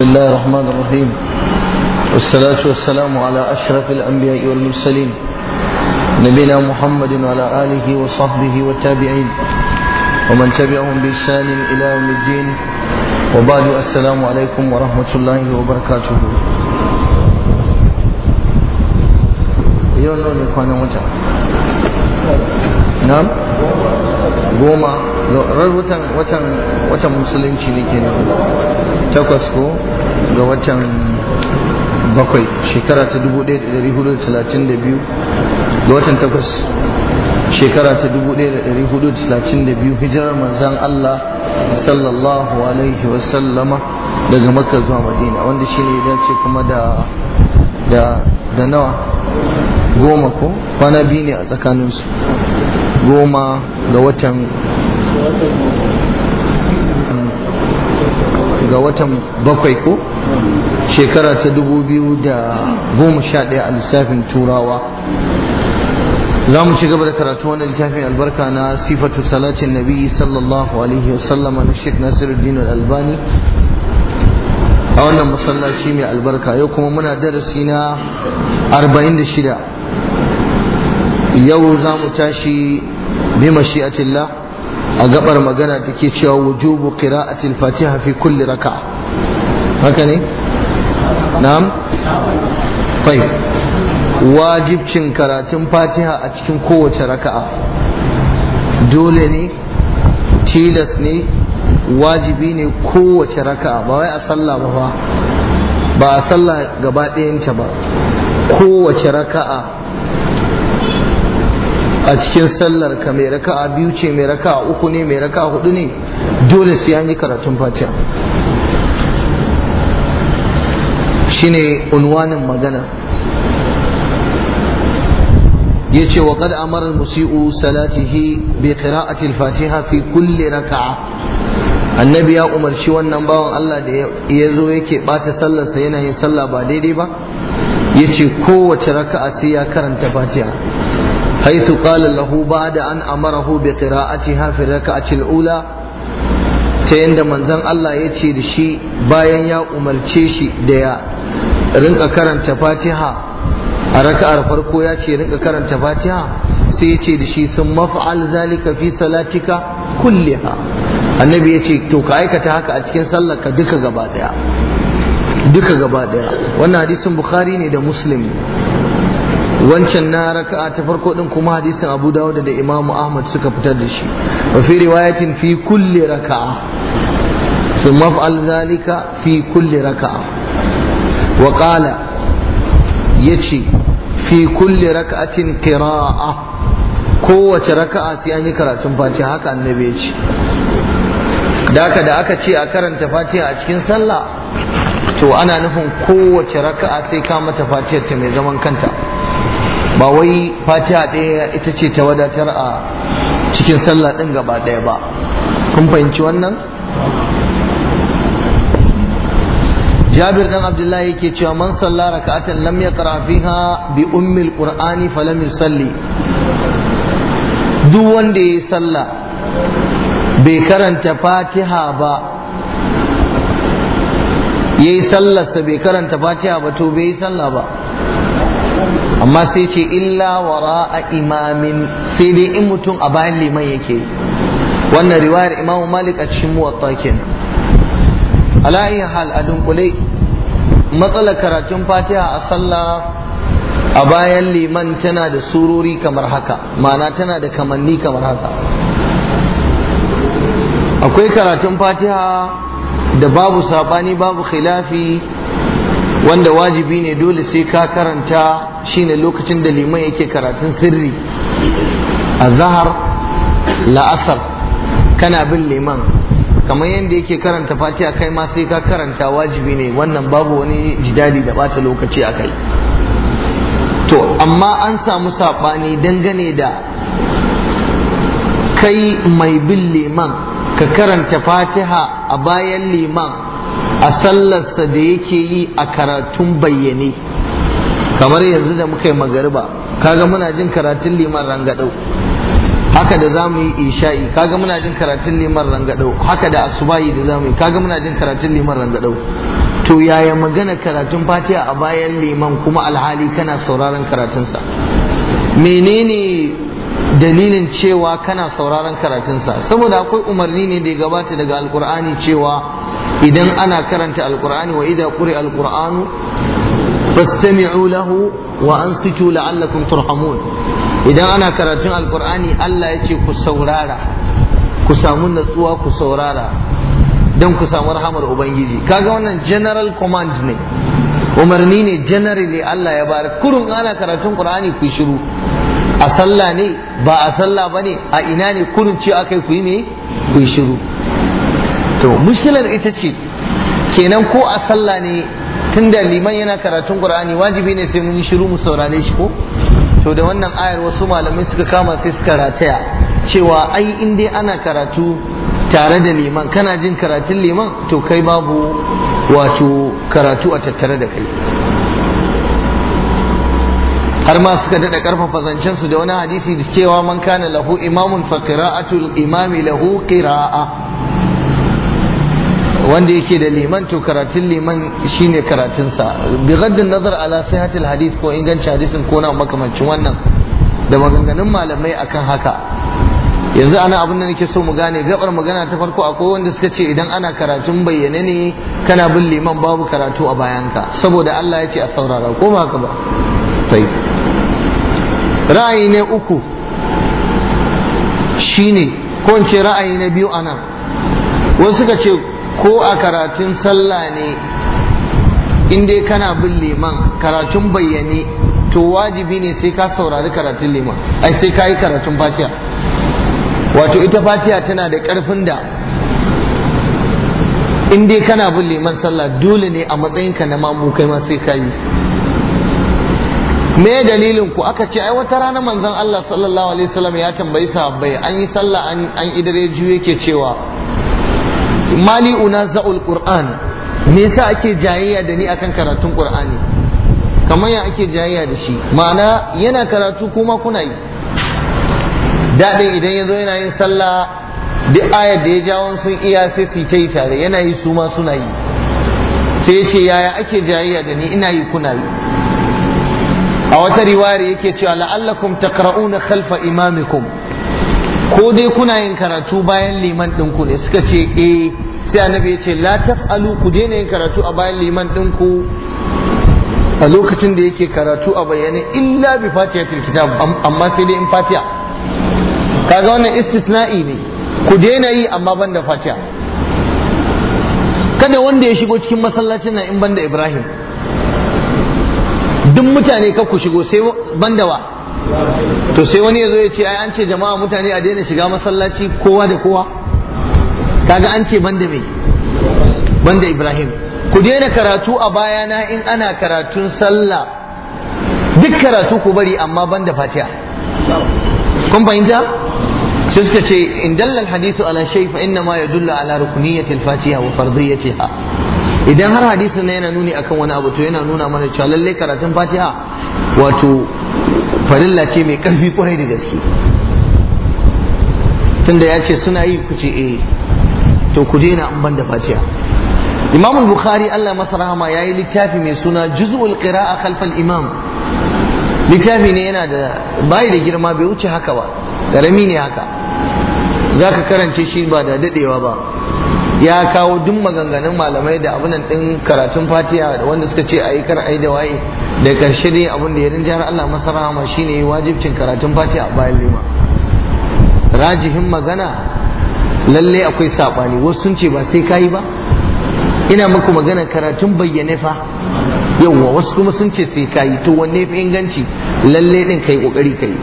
بسم الله الرحمن الرحيم والصلاة والسلام على أشرف الأنبياء والمرسلين نبينا محمد وعلى آله وصحبه والتابعين ومن تبعهم بإحسان إلى يوم الدين وبعد السلام عليكم ورحمة الله وبركاته يوم نقول نعم قومة ran watan watan musulunci ne ke nan. takwas ko ga watan bakwai shekara ta 1432 ga watan takwas shekara ta 1432 hijirar manzan Allah sallallahu alaihi wasallama daga makka zuwa madina wanda shine idan ce kuma da da da nawa goma ko kwana biyu ne a tsakaninsu goma ga watan ga watan bakwai ko shekara ta 2011 a lissafin turawa za mu ci gaba da karatu wani littafin albarka na sifatu salatin nabi sallallahu alaihi wasallama na shek nasiruddin al-albani a wannan masallaci mai albarka yau kuma muna darasi na 46 yau za mu tashi bi mashi'atillah a gabar magana da ke cewa wujubu qira'atil fatiha fi kulli raka'a haka ne na'am fai wajibcin karatun fatiha a cikin kowace raka'a dole ne tilas ne wajibi ne kowace raka'a ba wai a sallah ba ba a sallah gaba ɗayanta ba kowace raka'a a cikin sallar ka mai a biyu ce mai a uku ne mai a hudu ne dole sai an yi karatun fatiha shine unwanin magana Ya ce wa kada amara musi'u musiiu salatihi bi qira'ati al-fatiha fi kulli raka'a annabi ya umarci wannan bawan Allah da ya zo yake bata sallarsa yana yin sallah ba daidai ba yace kowace raka'a sai ya karanta fatiha حيث قال له بعد أن أمره بقراءتها في الركعة الأولى تيند من زن الله يتي دشي باين يا أمر تشيشي ديا رنك كرن تفاتيها أركع الفرقو يتي رنك كرن تفاتيها سيتي دشي ثم افعل ذلك في صلاتك كلها النبي يتي تو كأيك تهاك أتكين صلك دك غبا ديا duka gaba daya wannan hadisin bukhari ne da muslim wancan na raka'a ta farko din kuma hadisin Abu Dawud da Imam Ahmad suka fitar da shi wa fi riwayatin fi kulli raka'a ثم افعل fi في raka'a. ركعة وقال يتشي fi كل ركعة قراءة kowace raka'a sai an yi karatun fatiha haka annabi ya ce da da aka ce a karanta fatiha a cikin sallah to ana nufin kowace raka'a sai ka mata fatihar ta mai zaman kanta ba wai fatiha ɗaya ita ce ta wadatar a cikin sallah ɗin gaba ɗaya ba kun fahimci wannan jabir dan abdullahi yake cewa man salla raka'atan lam yaqra fiha bi ummi alqur'ani lam yusalli duk wanda ya sallah bai karanta fatiha ba yayi sallarsa bai karanta fatiha ba to bai yi sallah ba amma sai ce illa a imamin sai dai in mutum a bayan liman yake wannan riwayar imam malik a cikin muwatta kenan ala hal a dunkule matsalar karatun fatiha a sallah a bayan liman tana da surori kamar haka ma'ana tana da kamanni kamar haka akwai karatun fatiha da babu sabani babu khilafi wanda wajibi ne dole sai ka karanta shine lokacin da liman yake karatun sirri a zahar la'asar kana bin liman kamar yadda yake karanta fatiha kai ma sai ka karanta wajibi ne wannan babu wani jidali da bata lokaci a kai to amma an samu saɓani dangane da kai mai bin liman ka karanta fatiha a bayan liman a sallarsa da yake yi a karatun bayyane kamar yanzu da muka yi magariba kaga muna jin karatun liman rangadau haka da zamu yi isha'i kaga muna jin karatun liman rangadau haka da asubahi da zamu yi kaga muna jin karatun liman rangadau to yaya magana karatun fatiha a bayan liman kuma alhali kana sauraron karatunsa menene dalilin cewa kana sauraron karatunsa saboda akwai umarni ne da ya gabata daga alkur'ani cewa idan ana karanta alqur'ani wa idza quri alqur'anu fastami'u lahu wa ansitu la'allakum turhamun idan ana karatun alqur'ani Allah ya ce ku saurara ku samu natsuwa ku saurara don ku samu rahamar ubangiji kaga wannan general command ne umarni ne generally Allah ya bari kurun ana karatun Qur'ani ku shiru a sallah ne ba a sallah bane a ina ne kurun ce akai ku yi me ku shiru to mushkilar ita ce kenan ko a sallah ne tun da liman yana karatun qur'ani wajibi ne sai mun shiru mu saurare shi ko to da wannan ayar wasu malamai suka kama sai suka rataya cewa ai in dai ana karatu tare da liman kana jin karatun liman to kai babu wato karatu a tattare da kai har ma suka daɗa ƙarfafa zancensu da wani hadisi da cewa man kana lahu imamun fa imami lahu ƙira'a wanda yake da liman to karatun liman shine karatunsa bi gaddin nazar ala sihatil hadith ko inganci hadisin ko na makamancin wannan da maganganun malamai akan haka yanzu ana abin da nake so mu gane gabar magana ta farko akwai wanda suka ce idan ana karatun bayyane ne kana bin liman babu karatu a bayanka saboda Allah ya ce a saurara ko ba haka ba ra'ayi ne uku shine ko in ra'ayi na biyu anan wasu suka ce ko a karatun sallah ne in dai kana bin liman karatun bayyane to wajibi ne sai ka saurari karatun liman ai sai ka yi karatun fatiha wato ita fatiha tana da ƙarfin da in dai kana bin liman sallah dole ne a matsayinka na mamu kai ma sai ka yi me dalilin ku aka ce ai wata rana manzon Allah sallallahu alaihi wasallam ya tambayi sahabbai an yi sallah an idare juye yake cewa mali za'ul qur'an me yasa ake jayayya da ni akan karatun qur'ani kamar ya ake jayayya da shi ma'ana yana karatu kuma kuna yi daɗin idan ya yana yin sallah duk ayar da ya jawo sun iya sai su ta yi tare yana yi su ma suna yi sai ya ce yaya ake jayayya da ni ina yi kuna yi a wata riwayar yake cewa la'allakum taqra'una khalfa imamikum ko dai kuna yin karatu bayan liman ɗinku ne suka ce eh sai annabi ya ce la taf'alu ku daina yin karatu a bayan liman ɗinku a lokacin da yake karatu a bayyane illa bi fatihatil kitab amma sai dai in fatiha kaga wannan istisna'i ne ku daina yi amma ban da fatiha kada wanda ya shigo cikin masallacin nan in banda ibrahim duk mutane ka ku shigo sai banda wa to sai wani ya zo ya ce ai an ce jama'a mutane a daina shiga masallaci kowa da kowa kaga an ce banda me banda Ibrahim ku daina karatu a bayana in ana karatun sallah duk karatu ku bari amma banda fatiha kun fahimta sai suka ce in dalla hadisu ala shay fa inna ma yadullu ala rukuniyati al-fatiha wa fardiyatiha idan har hadisin yana nuni akan wani abu to yana nuna mana cewa lalle karatun fatiha wato farilla ce mai karfi kwarai da gaske tunda ya ce suna yi ku ce eh, to ku daina an ban da fatiha imamul bukhari allah masa rahama ya yi littafi mai suna juz'ul qira'a khalfal imam littafi ne yana da bayi da girma bai wuce haka ba karami ne haka za ka karance shi ba da dadewa ba ya kawo duk maganganun malamai da abin din karatun fatiha da wanda suka ce ayi kar ayi da waye da karshe dai abin da ya har Allah masa rahama shine wajibcin karatun fatiha a bayan lima rajihin magana lalle akwai sabani wasu sun ce ba sai kai ba ina muku magana karatun bayyane fa yawwa wasu kuma sun ce sai kayi to wanne fa inganci lalle din kai kokari kai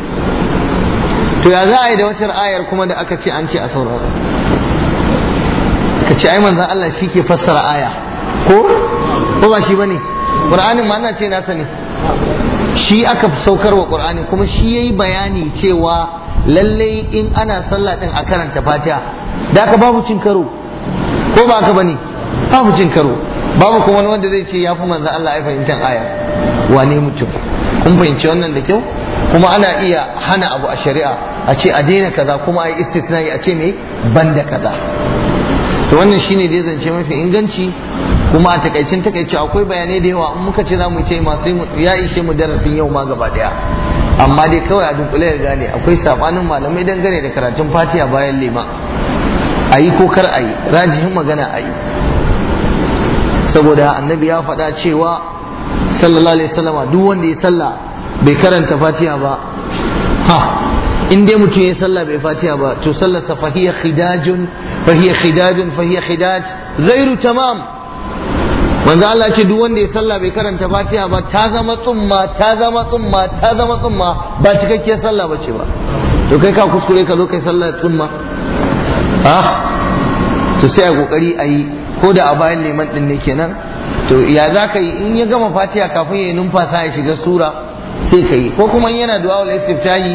to ya za a yi da wacce ayar kuma da aka ce an ce a saurara ka ce ai zan Allah shi ke fassara aya ko ko ba shi bane qur'anin ma ana ce nasa sani shi aka saukar wa qur'ani kuma shi yayi bayani cewa lallai in ana sallah din a karanta fatiha da ka babu cin karo ko ba ka bane babu cin karo babu kuma wani wanda zai ce ya fi manzo Allah ya fahimtar aya wane mutum kun fahimci wannan da kyau kuma ana iya hana abu a shari'a a ce a daina kaza kuma a yi istisnai a ce me banda kaza to wannan shine ya zance mafi inganci kuma a takaicin takaici akwai bayanai da yawa in muka ce za mu ce masu sai ya ishe mu darasin yau ma gaba daya amma dai kawai a dunkule ya gane akwai sabanin malamai dangane da karatun fatiha bayan lima ayi ko kar ayi rajihin magana ayi saboda annabi ya faɗa cewa sallallahu alaihi wasallama duk wanda ya sallah bai karanta fatiha ba ha in dai mutum ya sallah bai fatiha ba to sallar sa khidajun فهي خداج فهي خداج غير تمام manzo Allah ce duk wanda ya sallah bai karanta Fatiya ba ta zama tsumma ta zama tsumma ta zama tsumma ba cikakkiyar sallah bace ba to kai ka kuskure ka zo kai sallah tsumma ah to sai a a yi ko da a bayan neman din ne kenan to ya za ka yi in ya gama Fatiya kafin ya numfasa ya shiga sura sai ka yi ko kuma yana du'a wal istiftahi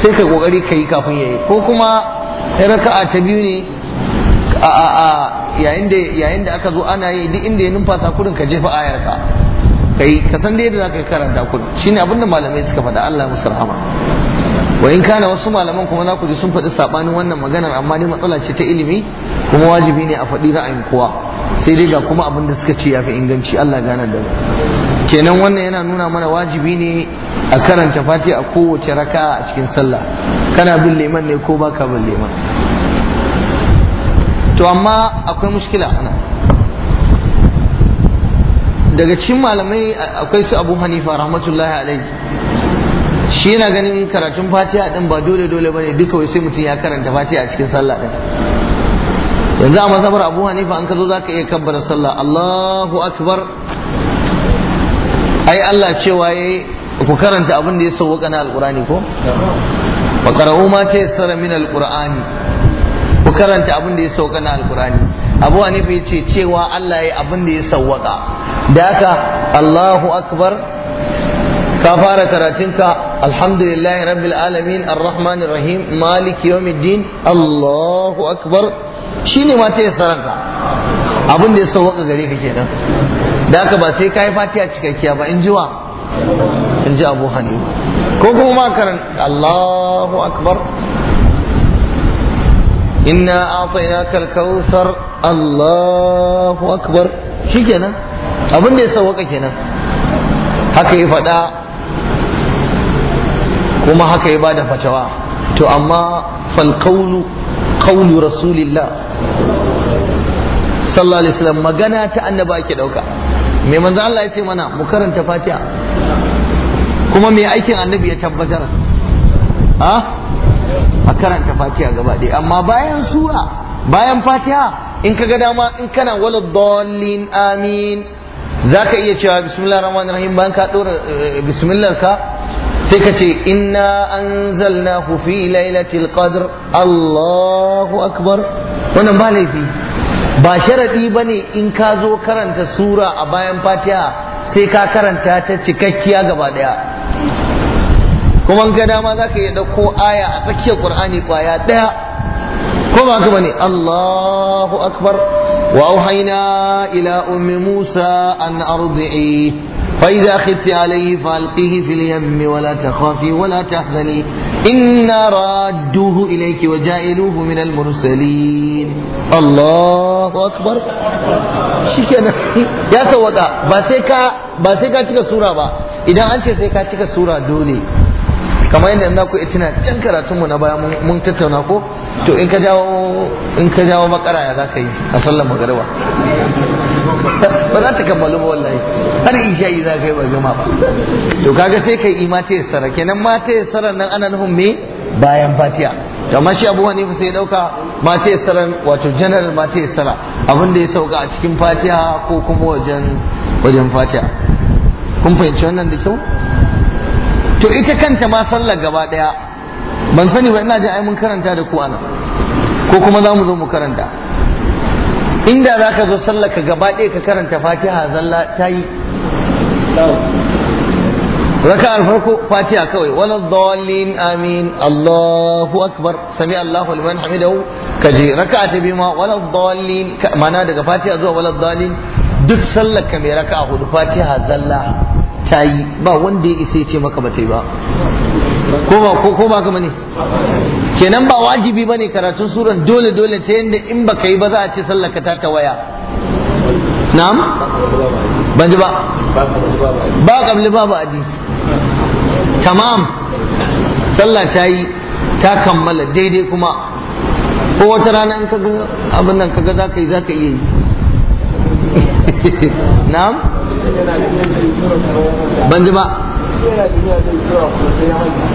sai ka kokari ka yi kafin ya yi ko kuma raka'a ta biyu ne a a yayin da yayin da aka zo ana yi duk inda ya numfasa kurin ka jefa ayar ka kai ka san da yadda zaka karanta kurin shine abin da malamai suka faɗa Allah musu rahama wa in kana wasu malaman kuma za ku ji sun faɗi sabanin wannan maganar amma ni matsala ce ta ilimi kuma wajibi ne a faɗi ra'ayin kowa sai dai ga kuma abin suka ce ya fi inganci Allah gana da kenan wannan yana nuna mana wajibi ne a karanta fatiha a kowace raka'a a cikin sallah kana bin liman ne ko baka bin liman to amma akwai mushkila ana daga cikin malamai akwai su abu hanifa rahmatullahi alaihi shi yana ganin karatun fatiha din ba dole dole bane duka wai sai mutum ya karanta fatiha a cikin sallah din yanzu a mazhabar abu hanifa an ka zo zaka iya kabbara sallah allahu akbar ai allah cewa yayi ku karanta abin da ya sauwaka na alqurani ko fa qara'u ma ta tayassara min alqurani ku karanta abin da ya sauka na alkurani abu hanifa ce cewa Allah ya abin da ya sauwaka da haka Allahu akbar ka fara karatunka alhamdulillahi rabbil alamin arrahmanir rahim maliki yawmiddin Allahu akbar shine ma ta yasaranka abin da ya sauwaka gare ka kenan da haka ba sai kai fatiha cikakkiya ba in jiwa in ji Abu Hanifa kuma Allahu inna a'tainaka al-kautsar Allahu akbar shikenan abin da ya sauka kenan haka ya faɗa kuma haka ya bada fatawa to amma fal qawlu qawlu rasulillah sallallahu alaihi wasallam magana ta annaba ake ɗauka me manzo Allah ya ce mana mu karanta Fatiha kuma me aikin annabi ya tabbatar ha ah? a karanta fatiha gaba ɗaya amma bayan sura bayan fatiha in ka ga dama in kana wala dallin amin za ka iya cewa bismillah rahman rahim bayan ka ɗora eh, bismillah ka sai ka ce inna anzalnahu fi lailatul qadr allahu akbar wannan ba laifi ba sharadi bane in ka zo karanta sura a bayan fatiha sai ka karanta ta cikakkiya gaba ɗaya kuma ga dama za ka iya ɗauko aya a tsakiyar ƙur'ani ƙwaya ɗaya ko ba ka bane Allahu akbar wa auhayna ila ummi Musa an ardi'i fa idza khifti alayhi falqihi fil yammi wa la takhafi wa la tahzani inna radduhu ilayki wa ja'iluhu min al mursalin Allahu akbar shikenan ya sawaka ba sai ka ba sai ka cika sura ba idan an ce sai ka cika sura dole kamar yadda ina za ku tuna can karatunmu na baya mun tattauna ko to in ka jawo in ka jawo bakara ya za ka yi a sallar magariba ba za ta kammalu ba wallahi har isha'i za ka yi ba gama ba to kaga sai kai ima ta yassara kenan ma ta nan ana nufin me bayan fatiha to amma shi abu hanifa sai ya dauka ma ta wato general ma ta abin da ya sauka a cikin fatiha ko kuma wajen wajen fatiha kun fahimci wannan da kyau to ita kanta ma sallar gaba daya ban sani ba ina ji ai mun karanta da ku ana ko kuma za mu zo mu karanta inda za ka zo sallar ka gaba daya ka karanta fatiha zalla ta yi raka alfarko fatiha kawai wala dhalin amin allahu akbar sami allahu liman hamidahu kaje raka ta bi ma wala dhalin mana daga fatiha zuwa wala dhalin duk sallar ka mai raka hudu fatiha zalla ta yi ba wanda ya isa ya ce maka ba ta yi ba ko ba kama ne kenan ba wajibi ba ne karatun suran dole dole ta yadda in ba ka yi ba za a ce sallaka ta ta waya na'am ban ji ba ba kabli ba ba aji tamam sallah ta yi ta kammala daidai kuma ko wata rana in kaga abin nan kaga za ka yi za ka iya yi na'am ban ji ba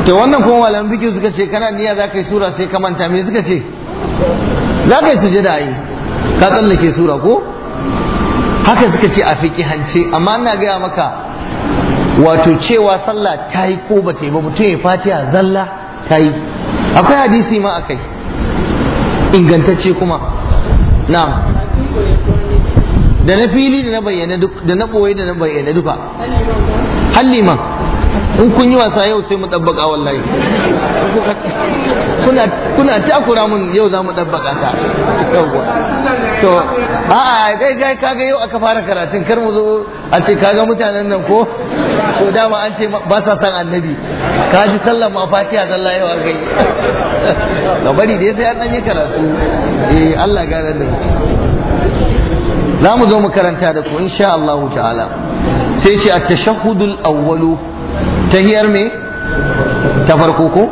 to wannan kuma malamin biki suka ce kana niyya za ka yi sura sai ka manta me suka ce za ka yi da yi ka tsallake sura ko haka suka ce a hanci amma ina gaya maka wato cewa sallah ta yi ko ba ta yi ba mutum ya fatiha zalla ta yi akwai hadisi ma akai ingantacce kuma na. da na fili da na bayyana da na boye da na bayyana duka halliman in kun yi wasa yau sai mu dabbaka wallahi kuna kuna takura mun yau za mu dabbaka ta yauwa to a'a kai kai kaga yau aka fara karatun kar mu zo a ce kaga mutanen nan ko ko dama an ce ba sa san annabi ka ji sallan ma fatiha sallah yau aka yi to bari dai sai an yi karatu eh Allah gane da mutum za mu zo mu karanta da ku insha Allah ta'ala sai ce at-tashahhudul awwalu tahiyar me ta farko ko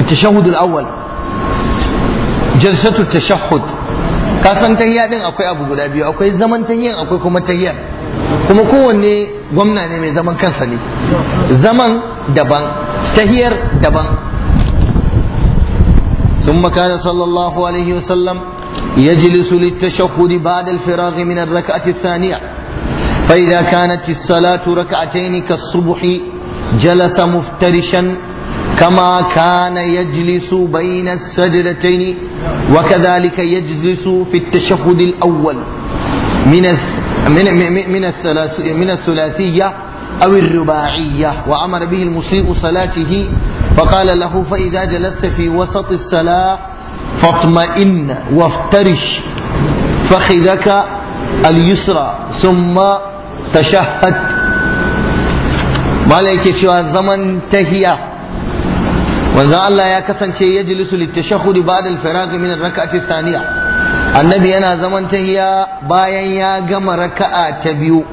at-tashahhudul awwal jalsatu tashahhud ka san tahiya din akwai abu guda biyu akwai zaman tahiyan akwai kuma tahiyar kuma kowanne gwamna ne mai zaman kansa ne zaman daban tahiyar daban ثم كان صلى الله عليه وسلم يجلس للتشهد بعد الفراغ من الركعة الثانية فإذا كانت الصلاة ركعتين كالصبح جلس مفترشا كما كان يجلس بين السجدتين وكذلك يجلس في التشهد الأول من من من من الثلاثية أو الرباعية وأمر به المسيء صلاته فقال له فإذا جلست في وسط الصلاة فاطمئن وافترش فخذك اليسرى ثم تشهد malaike cewa zaman tahiya wanzan Allah ya kasance ya jilisu littashahudi ba da alfirag min raka'ati saniya annabi yana zaman tahiya bayan ya gama raka'a ta biyu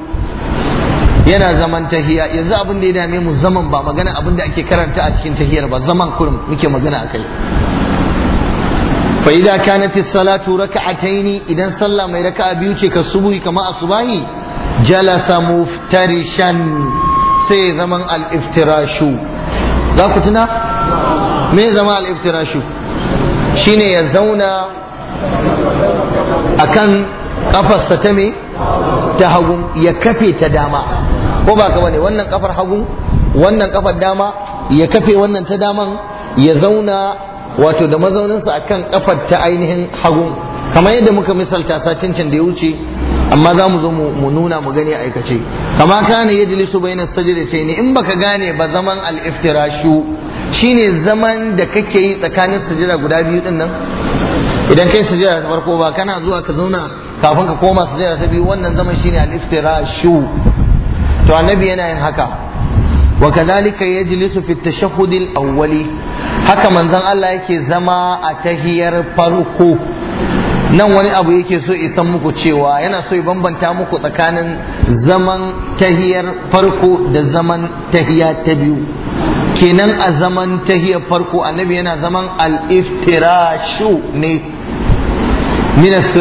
yana zaman tahiya yanzu abin da ya dame mu zaman ba magana abin da ake karanta a cikin tahiyar ba zaman kurum muke magana akai fa idza salatu raka a taini idan sallah mai raka'a biyu ce ka subuhi kama asubahi jalasa muftarishan sai zaman al za ku tuna me zama al-iftirashu shine ya zauna akan kafarsa ta me ta hagun ya kafe ta dama ko ba ka bane wannan kafar hagun wannan kafar dama ya kafe wannan ta daman ya zauna wato da mazauninsa kan kafar ta ainihin hagu kamar yadda muka misalta satin da ya wuce amma za mu zo mu nuna mu gani aikace kama kana yajlisu ce ne in baka gane ba zaman al-iftirashu shine zaman da kake yi tsakanin sujada guda biyu din nan idan kai sujada ta farko ba kana zuwa ka zauna kafin ka koma sujada ta biyu wannan zaman shine al-iftirashu to annabi yana yin haka wa kadhalika yajlisu fi tashahhud al-awwali haka manzon Allah yake zama a tahiyar farko nan wani abu yake so isan muku cewa yana so ya bambanta muku tsakanin zaman tahiyar farko da zaman tahiya ta biyu kenan a zaman tahiyar farko annabi yana zaman al-iftirashu ne min as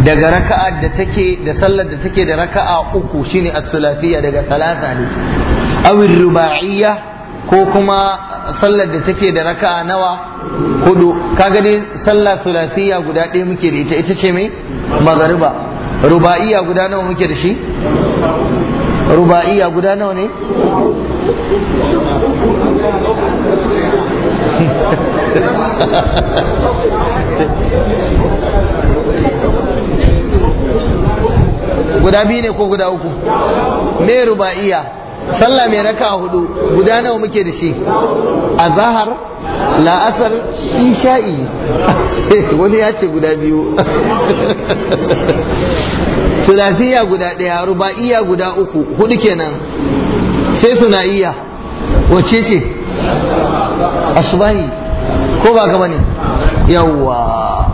daga raka'a da take da sallar da take da raka'a uku shine as sulafiyya daga talata ne awin ruba'iyya ko kuma sallar da take da raka'a nawa hudu kaga dai sallah sulasiya guda ɗaya muke da ita ita ce mai magariba Ruba'iyya guda nawa muke da shi Ruba'iyya guda nawa ne guda biyu ne ko guda uku me ruba'iyya? sallah mai raka hudu guda nawa muke da shi a zahar la'asar isha'i wani ya ce guda biyu sulasiya guda ɗaya ruba'iya guda uku hudu kenan sai iya. Wace ce asubahi ko ba gaba ne yawwa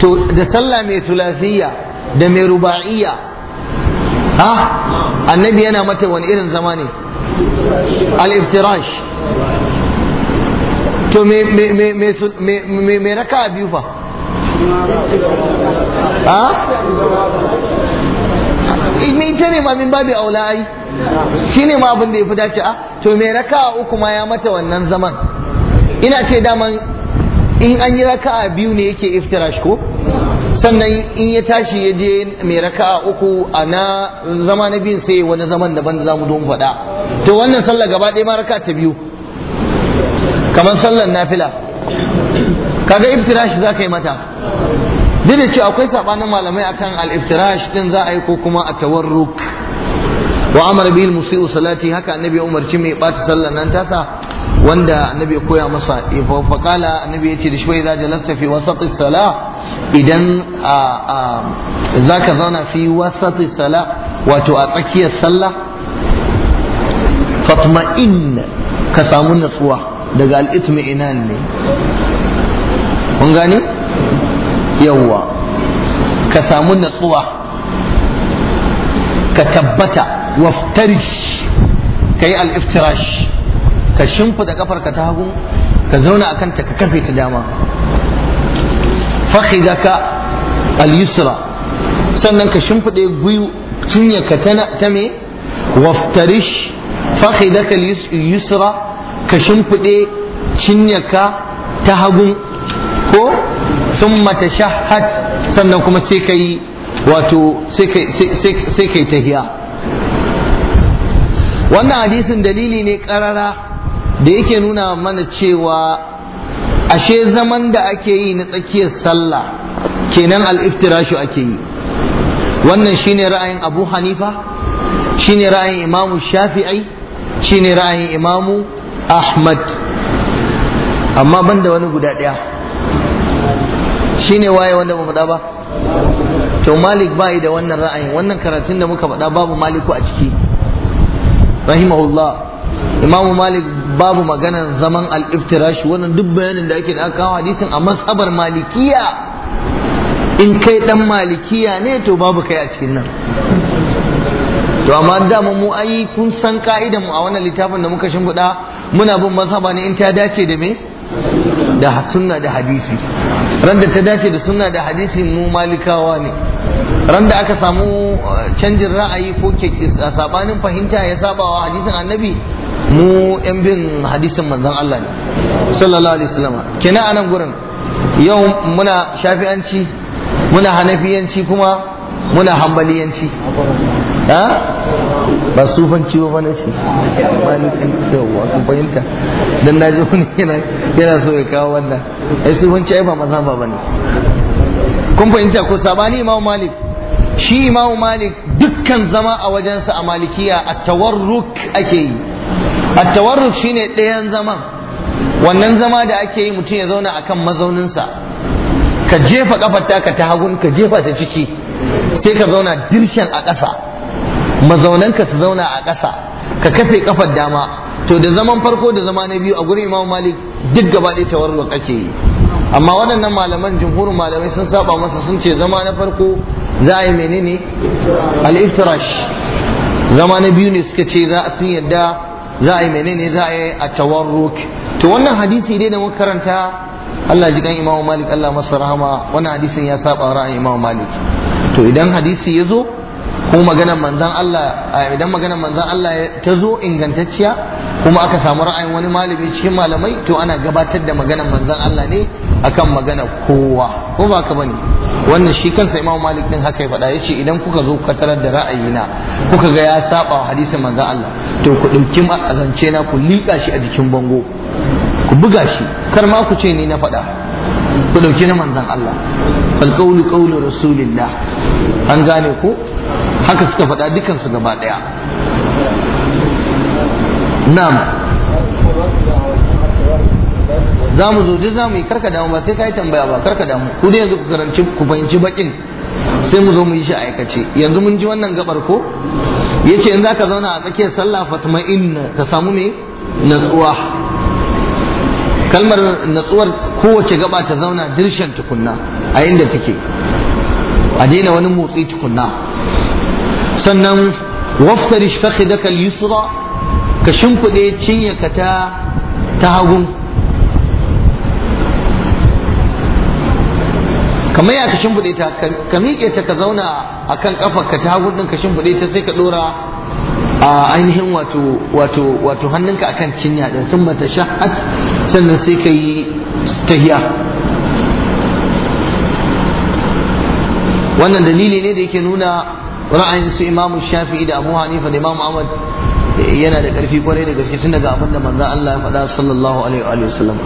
to da sallah mai sulasiya da mai ruba'iya ha annabi yana mata wani irin zama ne al-iftirash to me me me me me raka biyu fa ha ita ne ma min babi aula ai shine ma abin da fi dace a ah, to me raka uku ma ya mata wannan zaman ina ce daman in an yi raka biyu ne yake iftirash ko sannan in ya tashi ya je mai raka'a uku a na zama na biyun sai wani zaman daban da zamu don faɗa to wannan sallar gaba ɗaya ma raka ta biyu kamar sallar nafila kaga iftirashi za ka yi mata duk da akwai sabanin malamai akan al-iftirash din za a yi ko kuma a tawarruk wa amara bil musiu salati haka annabi umarci mai bata sallar nan tasa wanda annabi ya koya masa fa qala annabi yace da shi bai za jalasta fi wasati salah idan za ka zauna fi wasati sala wato a tsakiyar sallah fatma'in ka samu natsuwa daga inan ne kun gane yawwa ka samu natsuwa ka tabbata waftarish ka yi al'iftirash ka shimfida ka ta hagu ka zauna a kanta ka kafe ta dama fakhidaka al-yusra sannan ka shimfide guyu ka ta me waftarish fakhidaka al-yusra ka shimfide ka ta hagun ko summa tashahhad sannan kuma sai kai wato sai kai tafiya. wannan hadisin dalili ne karara da yake nuna mana cewa ashe zaman da ake yi na tsakiyar sallah kenan al-iftirashu ake yi wannan shine ra'ayin Abu Hanifa shine ra'ayin Imamu Shafi'i shine ra'ayin Imamu Ahmad amma banda wani guda ɗaya shine waye wanda ba faɗa ba to Malik bai da wannan ra'ayin wannan karatun da muka faɗa babu Maliku a ciki rahimahullah Imamu Malik babu maganan zaman aliftirashi wannan duk bayanin da ake da aka kawo hadisin a masabar malikiya in kai dan malikiya ne to babu kai a cikin nan to amma dama mu ai kun san ka'idan mu a wannan littafin da muka shimfiɗa muna bin masaba ne in ta dace da me da sunna da hadisi randa ta dace da sunna da hadisi mu malikawa ne Randa aka samu uh, canjin ra'ayi ko a sabanin fahimta ya sabawa hadisin annabi mu yan bin hadisin manzon Allah ne sallallahu alaihi wasallam Kina anan gurin yau muna shafi'anci muna hanafiyanci kuma muna hambaliyanci ba sufanci ba na ce ba ni kan yawa kan fahimta dan na ji wani yana so ya kawo wannan ai sufanci ai ba maza ba bane kun fahimta ko sabani imamu malik shi imamu malik dukkan zama a wajensa a malikiya a tawarruk ake yi at-tawarruk shine ɗayan zaman wannan zama da ake yi mutum ya zauna akan mazauninsa ka jefa kafar taka ta hagun ka jefa ta ciki sai ka zauna dirshen a ƙasa mazaunanka su zauna a ƙasa ka kafe kafar dama to da zaman farko da zama na biyu a gurin imam malik duk gaba ɗaya tawarruk ake yi amma waɗannan malaman jumhurin malamai sun saba masa sun ce zama na farko za a yi menene al-iftirash zama na biyu ne suka ce za a sun yadda za a yi menene za a yi a tawarruk to wannan hadisi dai da muka karanta Allah ji kan Imam Malik Allah masa rahama wannan hadisin ya saba ra'ayin Imam Malik to idan hadisi ya zo ko maganar manzon Allah idan maganar manzan Allah ta zo ingantacciya kuma aka samu ra'ayin wani malami cikin malamai to ana gabatar da maganar manzon Allah ne akan magana kowa ko ba ka bane wannan shi kansa imamu Malik din haka ya faɗa yace idan kuka zo kuka tarar da ra'ayina kuka ga ya saba wa hadisin manzon Allah to ku dinki azance na ku liƙa shi a jikin bango ku buga shi kar ma ku ce ni na faɗa ku dauki na manzon Allah fal qawlu qawlu rasulillah an gane ku haka suka faɗa dukansu gaba ɗaya na'am za mu zo duk za mu yi karka damu ba sai ka yi tambaya ba karka damu ku dai yanzu ku karanci ku fahimci bakin sai mu zo mu yi shi aikace yanzu mun ji wannan gabar ko yace in zaka zauna a tsakiyar sallah in ka samu me natsuwa kalmar natsuwar kowace gaba ta zauna dirshen tukunna a inda take a daina wani motsi tukunna sannan waftarish fakhidaka al-yusra ka shimfide cinyaka ta ta hagu. kamar ya ka shimfiɗe ta ka miƙe ta ka zauna a kan ƙafar ka ta hagu ka buɗe, ta sai ka ɗora a ainihin wato wato wato hannunka cinya ɗin sun mata shahad sannan sai ka yi tahiya wannan dalili ne da yake nuna ra'ayin su imamu shafi'i da abu hanifa da imamu ahmad eh, yana da ƙarfi kwarai da gaske tun daga abin da manzan Allah ya faɗa sallallahu alaihi wa sallam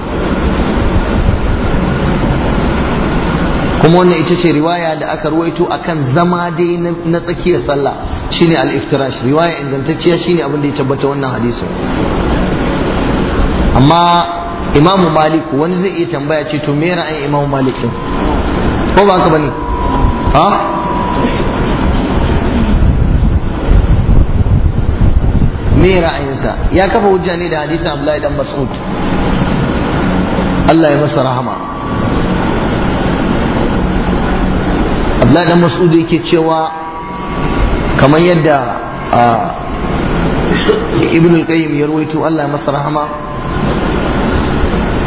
kuma wannan ita ce riwaya da aka ruwaito akan zama dai na tsakiyar sallah shine al-iftirash riwaya ingantacciya shine abin da ya tabbata wannan hadisin amma imamu malik wani zai iya tambaya ce to me ra'ayin imamu malik din ko ba haka bane ha me ra'ayinsa ya kafa hujja ne da hadisin abdullahi dan mas'ud Allah ya masa rahama abdullahi dan mas'ud yake cewa kamar yadda ibn al-qayyim ya ruwaito Allah masa rahama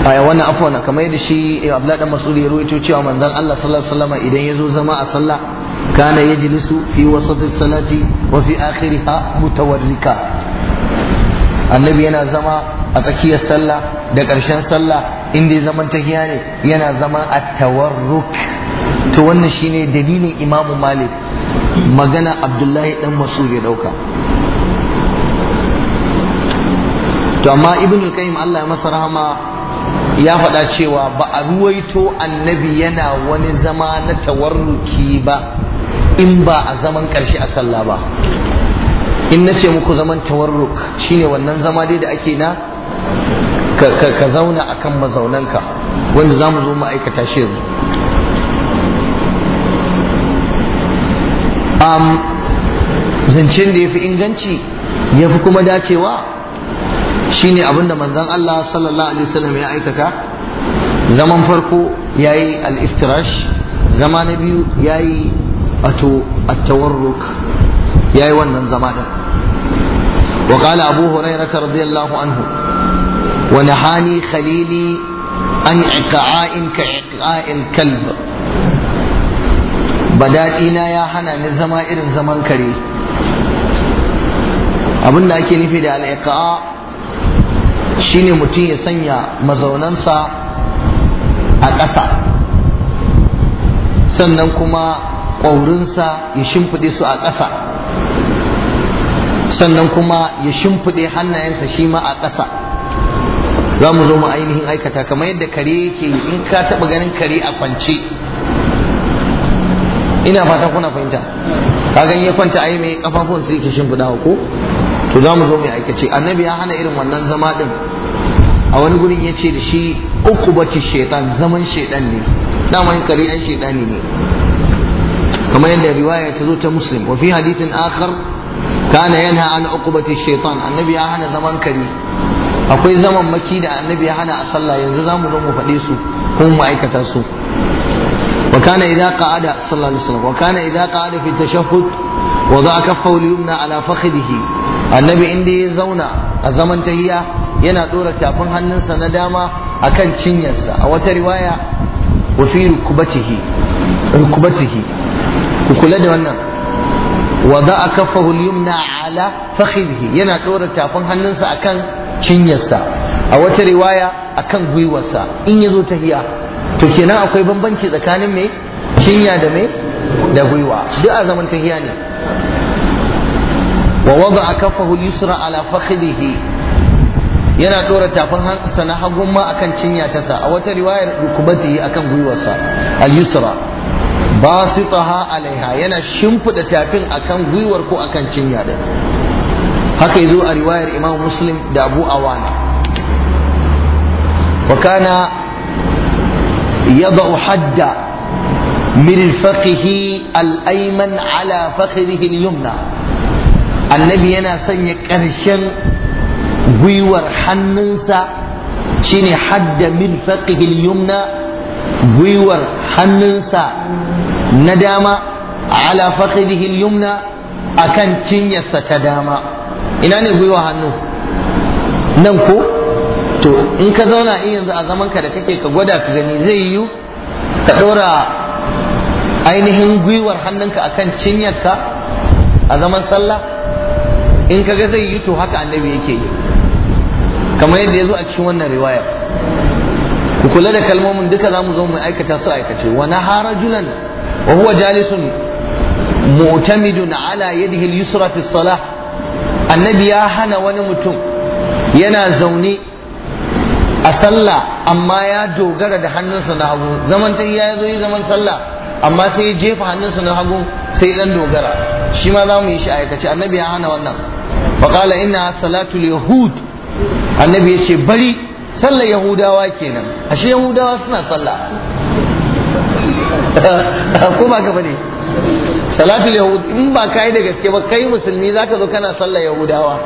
a wannan afwan kamar yadda shi abdullahi dan mas'ud ya ruwaito cewa manzon Allah sallallahu alaihi wasallam idan ya zo zama a sallah kana yajlisu fi wasati salati wa fi akhiriha mutawarrika annabi yana zama a tsakiyar sallah da ƙarshen sallah inda zaman tahiya ne yana zaman at-tawarruk to wannan shine dalilin imamu malik magana abdullahi dan masud ya dauka to amma ibn al-qayyim Allah ya masa rahama ya faɗa cewa ba a ruwaito annabi yana wani zama na tawarruki ba in ba a zaman ƙarshe a sallah ba in na ce muku zaman tawarruk shine wannan zama dai da ake na ka zauna akan mazaunanka wanda za mu zo ma'aikata shi yanzu zancen da ya fi inganci ya fi kuma dacewa shine ne abinda manzon Allah sallallahu alaihi wasallam ya aikata zaman farko ya yi al'iftirash, zama na biyu yayi ato at-tawarruk yayi wannan zama din wa qala abu hurairah radiyallahu anhu wa hani, khalili an iqa'in ka badaɗina ya hana ni zama irin zaman kare abinda ake nufi da al'iƙa shine mutum ya sanya mazaunansa a ƙasa sannan kuma ƙwaurinsa ya shimfiɗe su a ƙasa sannan kuma ya shimfiɗe hannayensa shi ma a ƙasa za mu zo mu ainihin aikata kamar yadda kare yake in ka taɓa ganin kare a kwance ina fata kuna fahimta kaga ya kwanta ai mai kafafun sai yake shimfiɗa ko to za mu zo mai aikace annabi ya hana irin wannan zama din a wani gurin ya ce da shi uku bace shaitan zaman shaitan ne daman kare ai shaitani ne kamar yadda riwaya ta zo ta muslim wa fi hadithin akhar kana yanha an uqubati shaitan annabi ya hana zaman kare akwai zaman maki da annabi ya hana a sallah yanzu za mu zo mu faɗe su kuma mu aikata su وكان إذا قعد صلى الله عليه وسلم وكان إذا قعد في التشهد وضع كفه اليمنى على فخذه النبي عندي زونا الزمن تهيا yana dora tafin hannunsa na dama akan cinyarsa a wata riwaya wa fi ku kula da wannan wa za a kafa yumna ala fakhidhi yana dora tafin hannunsa akan cinyarsa a wata riwaya akan gwiwarsa in zo tahiya to kenan akwai bambanci tsakanin me cinya da me da gwiwa duk a zaman tahiya ne wa wada kafahu yusra ala fakhdihi yana dora tafin hansa na hagun ma akan cinya ta sa a wata riwayar kubati akan gwiwarsa al yusra basitaha alaiha yana shimfida tafin akan gwiwar ko akan cinya din haka yazo a riwayar imam muslim da abu awana wa kana يضع حد مرفقه الأيمن على فخذه اليمنى النبي أنا سنة كرشن gwiwar hannunsa shine hadda mirfaqihil yumna gwiwar hannunsa na dama ala faqidihil yumna akan cinyarsa ta dama ina ne gwiwar hannu nan ko to in ka zauna in yanzu a zaman ka da kake ka gwada ka gani zai yiwu ka ɗora ainihin gwiwar hannunka akan cinyarka a zaman sallah in ka ga zai yi to haka annabi yake yi kamar yadda ya zo a cikin wannan riwaya ku kula da kalmomin duka za mu zo mu aikata su aikace wa nahara julan wa huwa jalisun mu'tamidun ala yadihi al-yusra fi salah annabi ya hana wani mutum yana zaune a sallah amma ya dogara da hannunsa na hagu zaman ta ya zo yi zaman sallah amma sai ya jefa hannunsa na hagu sai dan dogara shi ma za mu yi shi a aikace annabi ya hana wannan faqala inna salatul yahud annabi ya ce bari sallar yahudawa kenan ashe yahudawa suna sallah ko ba ka bane salatul yahud in ba kai da gaske ba kai musulmi zaka zo kana sallar yahudawa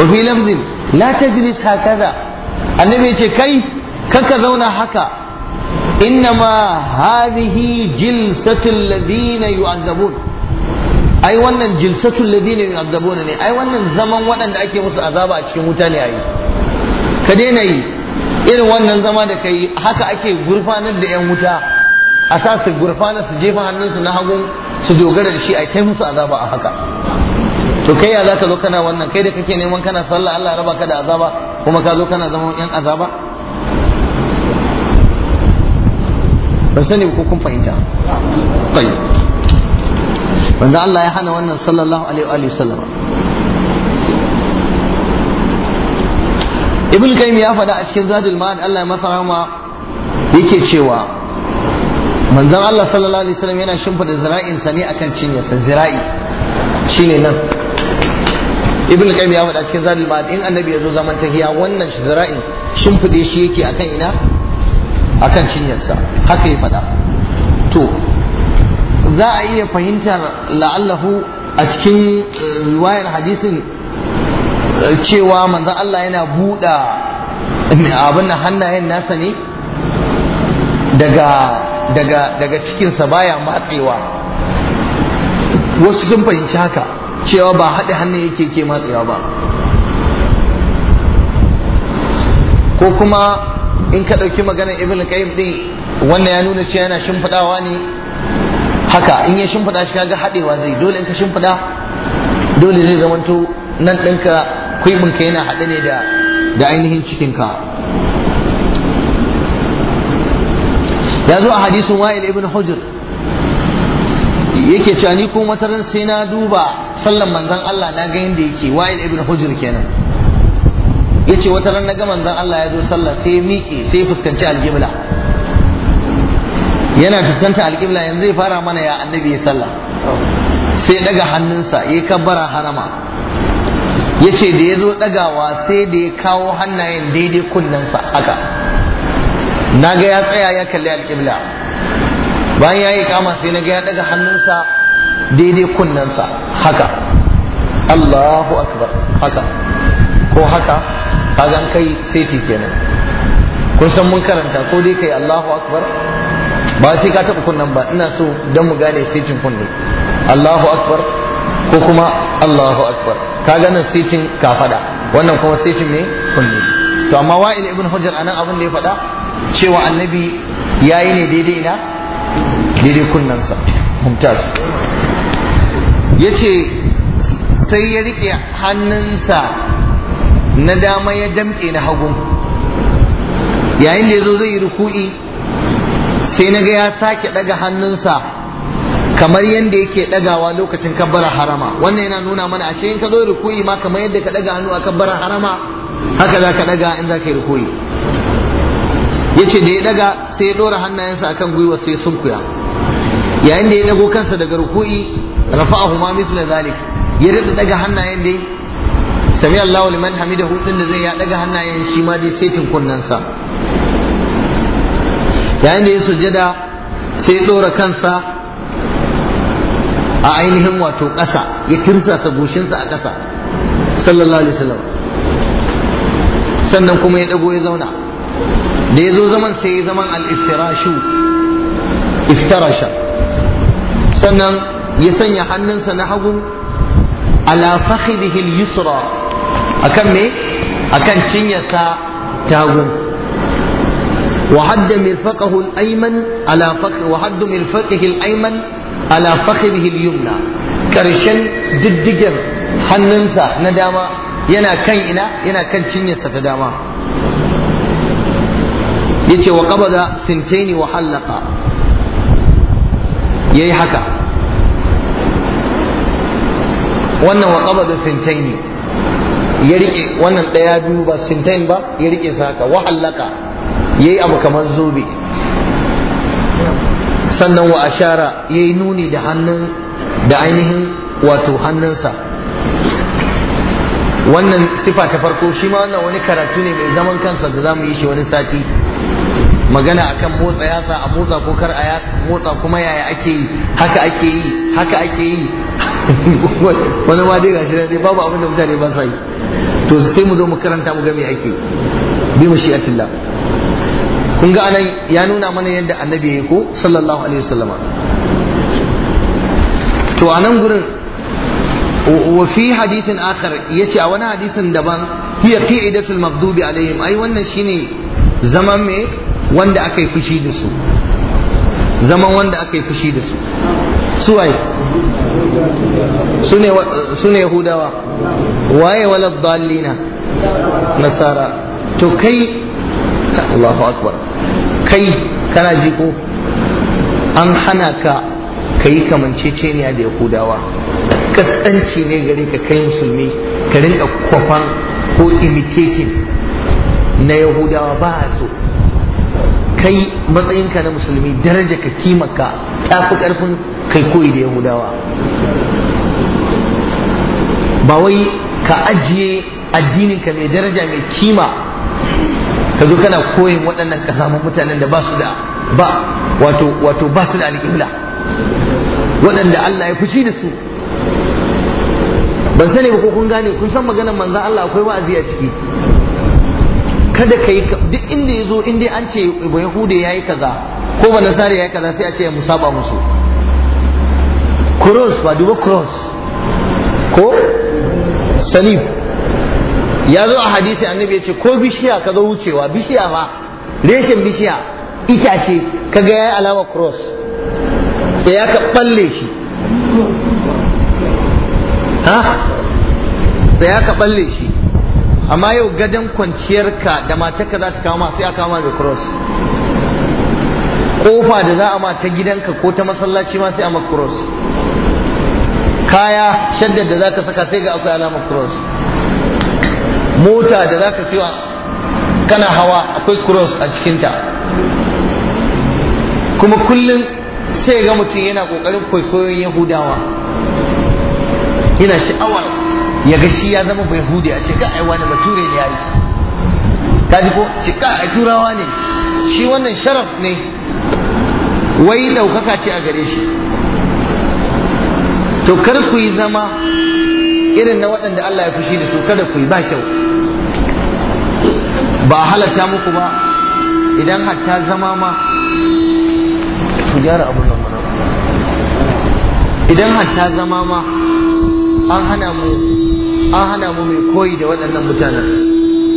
wa fi lamzin la tajlis hakaza annabi ya ce kai kanka zauna haka innama hadhihi jilsatul ladina yu'azzabun ai wannan jilsatul ladina yu'azzabun ne ai wannan zaman waɗanda ake musu azaba a cikin wuta ne ai ka daina yi irin wannan zama da kai haka ake gurfanar da yan wuta a sa su gurfanar su jefa hannunsu na hagu su dogara da shi ai kai musu azaba a haka to kai ya za ka zo kana wannan kai da kake neman kana sallah Allah raba ka da azaba kuma ka zo kana zama yan azaba ban sani ko kun fahimta tayyib wanda Allah ya hana wannan sallallahu alaihi wa sallam ibn kayyim ya faɗa a cikin zadul ma'ad Allah ya masa rahama yake cewa manzon Allah sallallahu alaihi wa sallam yana shimfida zira'in sa ne akan cinyarsa zira'i shine nan ibn qayyim ya faɗa cikin zadul ma'ad in annabi ya zo zaman tahiya wannan sun shimfiɗe shi yake akan ina akan sa haka ya faɗa to za a iya fahimtar la'allahu a cikin eh, riwayar hadisin eh, cewa manzon Allah yana buɗa eh, abin da hannayen nasa ne daga daga daga cikinsa baya matsewa wasu sun fahimci haka cewa ba haɗe hannu yake ke matsewa ba ko kuma in ka ɗauki maganar ibn qayyim ɗin wanda ya nuna cewa yana shimfadawa ne haka in ya shimfada shi kaga haɗewa zai dole in ka shimfada, dole zai zamanto nan ɗinka kuibinka yana haɗe ne da da ainihin cikinka ya zo a hadisin wa'il ibn hujr yake cewa ni ko wataran sai na duba sallan manzon Allah na ga yanda yake wa'il ibn hujr kenan yace ran na ga manzon Allah ya zo sallah sai miƙe sai fuskanci alƙibla yana fuskanta alƙibla yanzu zai fara mana ya annabi ya sallah sai daga hannunsa ya kabbara harama yace da ya zo dagawa sai da ya kawo hannayen daidai kunnensa haka na ga ya tsaya ya kalli alƙibla bayan ya yi kama sai na ga ya daga hannunsa daidai kunnensa haka Allahu akbar haka ko haka kaga an kai seti kenan kun san mun karanta ko dai kai Allahu akbar ba sai ka taɓa kunnen ba ina so don mu gane setin kunne Allahu akbar ko kuma Allahu akbar kaga nan setin kafada wannan kuma setin ne kunne to amma wa'il ibn hujjar anan abin da ya faɗa cewa annabi yayi ne daidai ina daidai kunnansa mumtaz ya ce sai ya riƙe hannunsa na dama ya damke na hagu. yayin da ya zo zai yi ruku'i sai na ga ya sake ɗaga hannunsa kamar yadda yake dagawa lokacin kabbara harama wannan yana nuna mana ashe in ka zo ruku'i ma kamar yadda ka daga hannu a kabbara harama haka za ka daga in za ka yi ruku'i ya da ya daga sai ya ɗora hannayensa akan gwiwa sai sunkuya yayin da ya dago kansa daga ruku'i rafa'ahu ma mithl zalik ya rika daga hannayen dai sami Allahu liman hamidahu din da zai ya daga hannayen shi ma dai saitin sa yayin da ya sujjada sai ya dora kansa a ainihin wato ƙasa ya kirsasa goshinsa a ƙasa sallallahu alaihi wasallam sannan kuma ya dago ya zauna da ya zo zaman sai ya zaman al-iftirashu iftarasha sannan ya sanya hannunsa na hagu ala fakhidhihi al-yusra akan me akan cinyarsa tagu wa hadda mirfaqahu al-ayman ala fakh wa hadda mirfaqihi al-ayman ala fakhidhihi al-yumna karshen diddigar hannunsa na dama yana kan ina yana kan cinyarsa ta dama yace wa qabada sintaini wa halaqa ya yi haka wannan wa ƙaba sintaini ya riƙe wannan ɗaya biyu ba sintain ba ya riƙe su haka wahallaka ya yi abu kamar zobe sannan wa ashara ya yi nuni da hannun da ainihin wato hannunsa wannan sifa ta farko shi ma wannan wani karatu ne mai zaman kansa da za mu yi shi wani sati magana akan motsa yatsa a motsa ko kar a motsa kuma yaya ake yi haka ake yi haka ake yi wani ma dai gashi dai babu abin da mutane ba sa yi to sai mu zo mu karanta mu ga me ake bi atilla kun ga anan ya nuna mana yadda annabi ya yi ko sallallahu alaihi wasallam to a nan gurin wa fi hadithin akhar yace a wani hadithin daban hiya qi'idatul maghdubi alaihim ai wannan shine zaman me wanda aka yi fushi da su zaman wanda aka yi fushi da su su su ne yahudawa waye walad dallina nasara to kai Allahu akbar kai kana ji ko an hana ka ka yi kamanceceniya da yahudawa kaskanci ne gare ka kai musulmi ka rinka kwafan ko imitating na yahudawa ba a so kai matsayinka na musulmi daraja ka kimaka ta fi karfin kai koyi da yahudawa ba wai ka ajiye addininka mai daraja mai kima ka zo kana koyin waɗannan samu mutanen da ba su da ba wato ba su da alƙibla waɗanda Allah ya fushi da su ban sani ba ko kun gane kun san maganar manzan Allah akwai wa'azi a ciki kada ka yi duk inda ya zo inda an ce ba yahude ya yi kaza ko ba nasara ya yi kaza sai a ce ya saba musu cross ba duba cross ko salib ya zo a hadisi annabi ya ce ko bishiya ka zo wucewa bishiya ba reshen bishiya itace kaga ya yi alama cross sai ya ka balle shi ha sai ya ka balle shi amma yau gadon kwanciyarka da matarka za ta kawo kama sai a kama da cross kofa da za a ma ta gidanka ko ta masallaci ma sai a maka cross kaya shaddar da za ka saka sai ga akwai alamar cross mota da za ka siwa kana hawa akwai cross a cikinta kuma kullum sai ga mutum yana kokarin kwaikwayon yahudawa yana sha'awar ya ga shi ya zama bai hude a ce ga ai wani bature ne yayi ji ko ce ka ai turawa ne shi wannan sharaf ne wai daukaka ce a gare shi to kar ku yi zama irin na waɗanda Allah ya fushi da su kada ku yi ba kyau ba halatta muku ba idan hatta zama ma ku gyara nan idan hatta zama ma an hana mu an hana mu mai koyi da waɗannan mutanen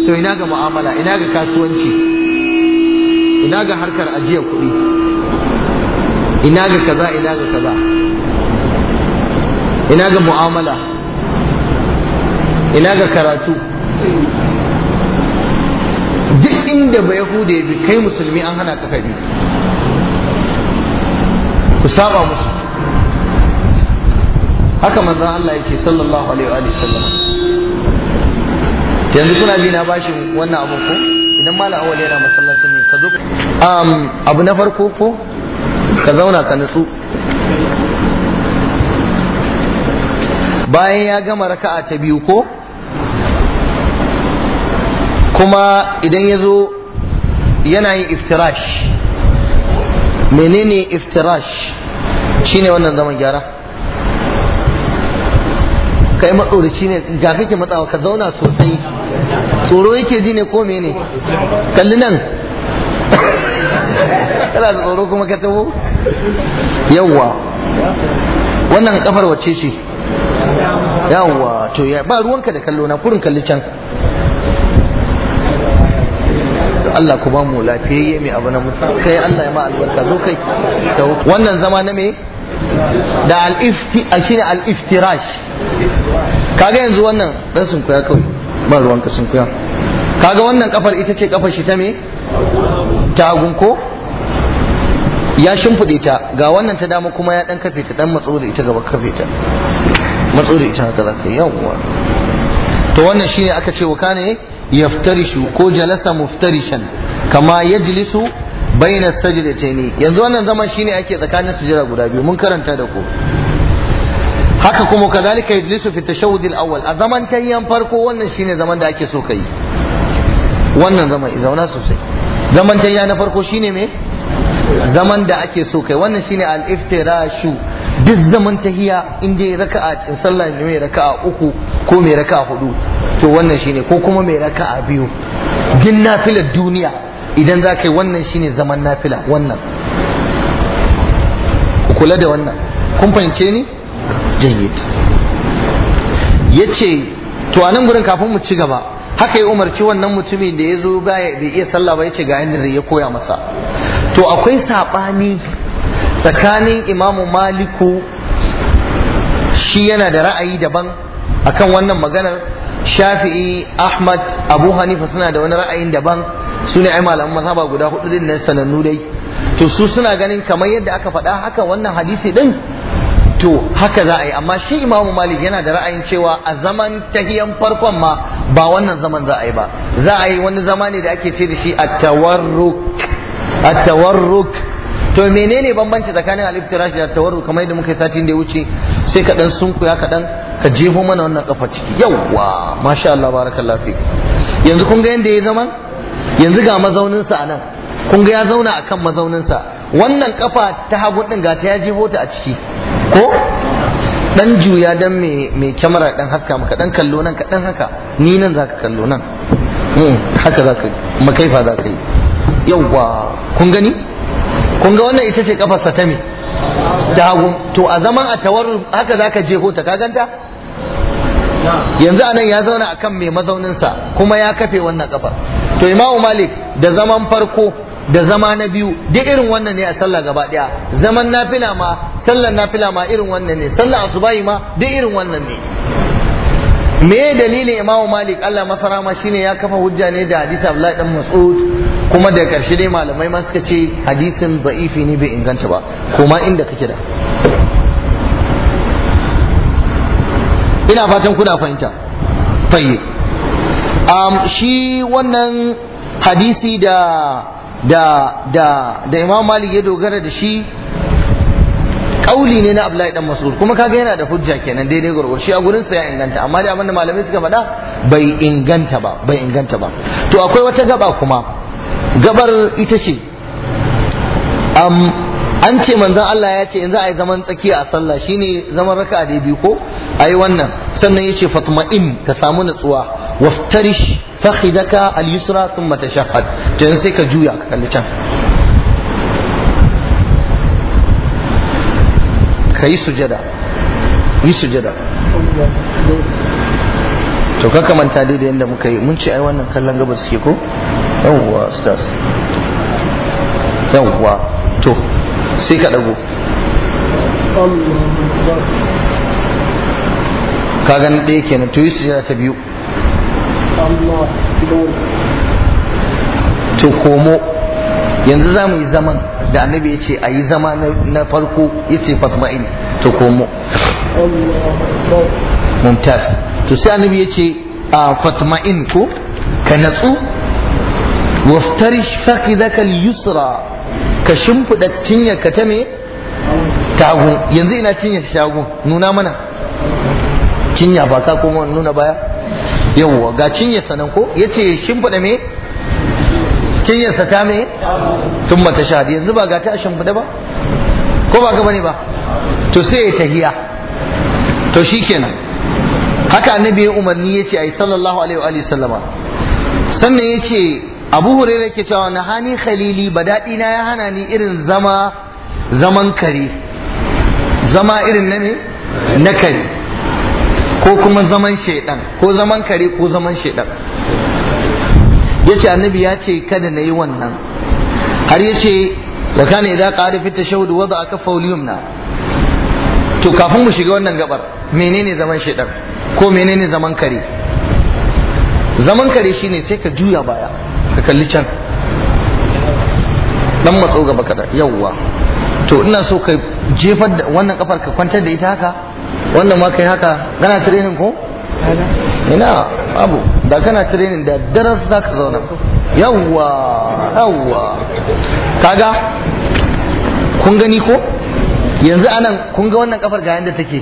to ina ga mu'amala ina ga kasuwanci ina ga harkar ajiyar kuɗi ina ga kaza ina ga kaza ina ga mu'amala ina ga karatu duk inda ba yahuda ya bi kai musulmi an hana ka bi ku saba musu haka manzon Allah ya ce sallallahu alaihi wa sallam yanzu kuna bi na bashi wannan abu ko idan malam awali yana masallacin ne ka zo abu na farko ko ka zauna ka nutsu bayan ya gama raka'a ta biyu ko kuma idan ya zo yana yin iftirash menene iftirash shine wannan zaman gyara kai matsoraci ne ga kake matsawa ka zauna sosai tsoro yake ji ne ko mene kalli nan kana tsoro kuma ka tabo yawwa wannan kafar wacce ce yawwa to ya ba ruwanka da kallo na kurin kalli can Allah ku ba mu lafiyayye mai abu na mutum kai Allah ya ma albarka zo kai wannan zama na me da al-ifti shine al-iftirash kaga yanzu wannan dan sunkuya kawai ba ruwan ka sunkuya kaga wannan kafar ita ce kafar shi ta me ta ko ya shimfide ta ga wannan ta dama kuma ya dan kafe ta dan matso da ita gaba kafe ta matso da ita haka za ta yawwa to wannan shine aka ce wa kane yaftarishu ko jalasa muftarishan kama yajlisu baina sajdataini yanzu wannan zaman shine ake tsakanin sujjada guda biyu mun karanta da ku haka kuma kazalika yajlisu fi tashawud al-awwal a zaman tayyan farko wannan shine zaman da ake so kai wannan zaman zauna sosai zaman tayya na farko shine me zaman da ake so kai wannan shine al-iftirashu duk zaman tahiya in dai raka'a in sallah mai raka'a uku ko mai raka'a hudu to wannan shine ko kuma mai raka'a biyu din nafilar duniya idan za ka yi wannan shine zaman nafila wannan ku kula da wannan kun fahimce ni jayyid yace to a nan gurin kafin mu ci gaba haka ya umarci wannan mutumin da ya zo bai iya sallah ba ya ce ga yadda zai ya koya masa to akwai saɓani tsakanin imamu maliku shi yana da ra'ayi daban akan wannan maganar shafi'i ahmad abu hanifa suna da wani ra'ayin daban su ne ai malaman mazhaba guda hudu din nan sanannu dai to su suna ganin kamar yadda aka faɗa haka wannan hadisi din to haka za a yi amma shi imamu malik yana da ra'ayin cewa a zaman tahiyan farkon ma ba wannan zaman za a yi ba za a yi wani zama ne da ake ce da shi at-tawarruk to menene bambanci tsakanin al-iftirash da tawarruk kamar yadda muka yi satin da ya wuce sai ka dan sunkuya ka dan ka jefo mana wannan kafa ciki yawwa masha Allah barakallahu fik yanzu kun ga yanda ya zaman yanzu ga mazaunin sa anan kun ga ya zauna akan mazaunin sa wannan kafa ta hagu din ga ta ya jefo ta a ciki ko dan juya dan me kyamara dan haska maka dan kallo nan ka dan haka ni nan za ka kallo nan hmm, haka za ka makaifa za ka yi yawwa kun gani kun ga wannan ita ce sa ta me dagun to a zaman a tawar haka za ka ko ta kaganta yanzu anan ya zauna akan mai mazauninsa kuma ya kafe wannan kafar to imamu malik da zaman farko da zama na biyu duk irin wannan ne a sallah gaba daya zaman nafila ma sallar nafila ma irin wannan ne sallar asubahi ma duk irin wannan ne me dalilin imamu malik allah masara ma shine ya kafa hujja ne da hadisi abdullahi dan mas'ud kuma da karshe dai malamai ma suka ce hadisin da'ifi ne bai inganta ba kuma inda kake da ina fatan kuna fahimta tayyib shi wannan hadisi da da da da imam malik ya dogara da shi kauli ne na Abdullahi dan Mas'ud kuma kaga yana da hujja kenan daidai gurgur shi a gurin sa ya inganta amma da abinda malamai suka faɗa bai inganta ba bai inganta ba to akwai wata gaba kuma gabar ita ce an ce manzon Allah ya ce in za a yi zaman tsaki a sallah shine zaman raka'a da biyu ko ayi wannan sannan ya ce fatma'in ka samu natsuwa waftarish fakhidaka al-yusra thumma tashahhad to sai ka juya ka kalli can ka yi sujada yi sujada to kaka kamanta dai da yadda muka yi mun ce ai wannan kallon gabar suke ko yawwa stars yawwa to sai ka dago ka gani ɗaya kenan to yi sujada ta biyu to komo yanzu za mu yi zaman da annabi ya ce a yi zama na farko ya ce fatma'in to komo mumtaz to sai annabi ya ce a fatma'in ko ka natsu waftarish zaka yusra ka shimfiɗa cinya ka ta me tagu yanzu ina cinyar shagu nuna mana cinya ba ka kuma nuna baya yawwa ga cinyar sanan ko yace shimfiɗa me cinyarsa ta me sun mata shahadi yanzu ba ga ta a shimfiɗa ba ko ba gaba ne ba to sai ya tahiya to shi kenan haka annabi ya umarni ya ce a yi sallallahu alaihi wa sallama sannan ya ce abu da ke cewa na hani khalili ba daɗi na ya hana ni irin zama zaman kare zama irin na ne na kare ko kuma zaman shaidan ko zaman kare ko zaman shaidan yace annabi ya ce kada na yi wannan har yace wa kana idza qala fi tashahhud wada'a ka al-yumna to kafin mu shiga wannan gabar menene zaman shedan ko menene zaman kare zaman kare shine sai ka juya baya ka kalli can dan matso gaba kada yawwa to ina so ka jefar da wannan kafar ka kwantar da ita haka wannan ma kai haka kana training ko ina abu da kana training da darar za ka zauna yawwa yawwa kaga kun gani ko yanzu anan kun ga wannan kafar ga yanda take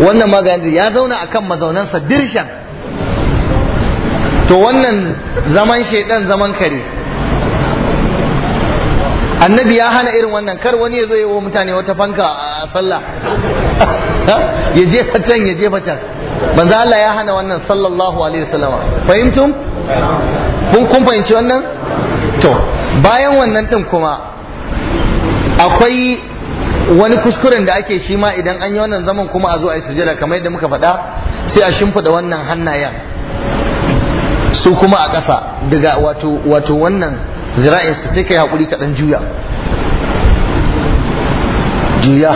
wannan ma ga yanda ya zauna akan mazaunansa dirshan to wannan zaman shaidan zaman kare annabi ya hana irin wannan kar wani ya zo yi wa mutane wata fanka a sallah ya jefa can ya jefa can manzo Allah ya hana wannan sallallahu alaihi wasallam fahimtum kun kun fahimci wannan to bayan wannan din kuma akwai wani kuskuren da ake shi ma idan an yi wannan zaman kuma a zo a yi sujada kamar yadda muka faɗa sai a shimfiɗa wannan hannayen su kuma a ƙasa daga wato wannan zira'insa sai ka yi haƙuri kaɗan juya juya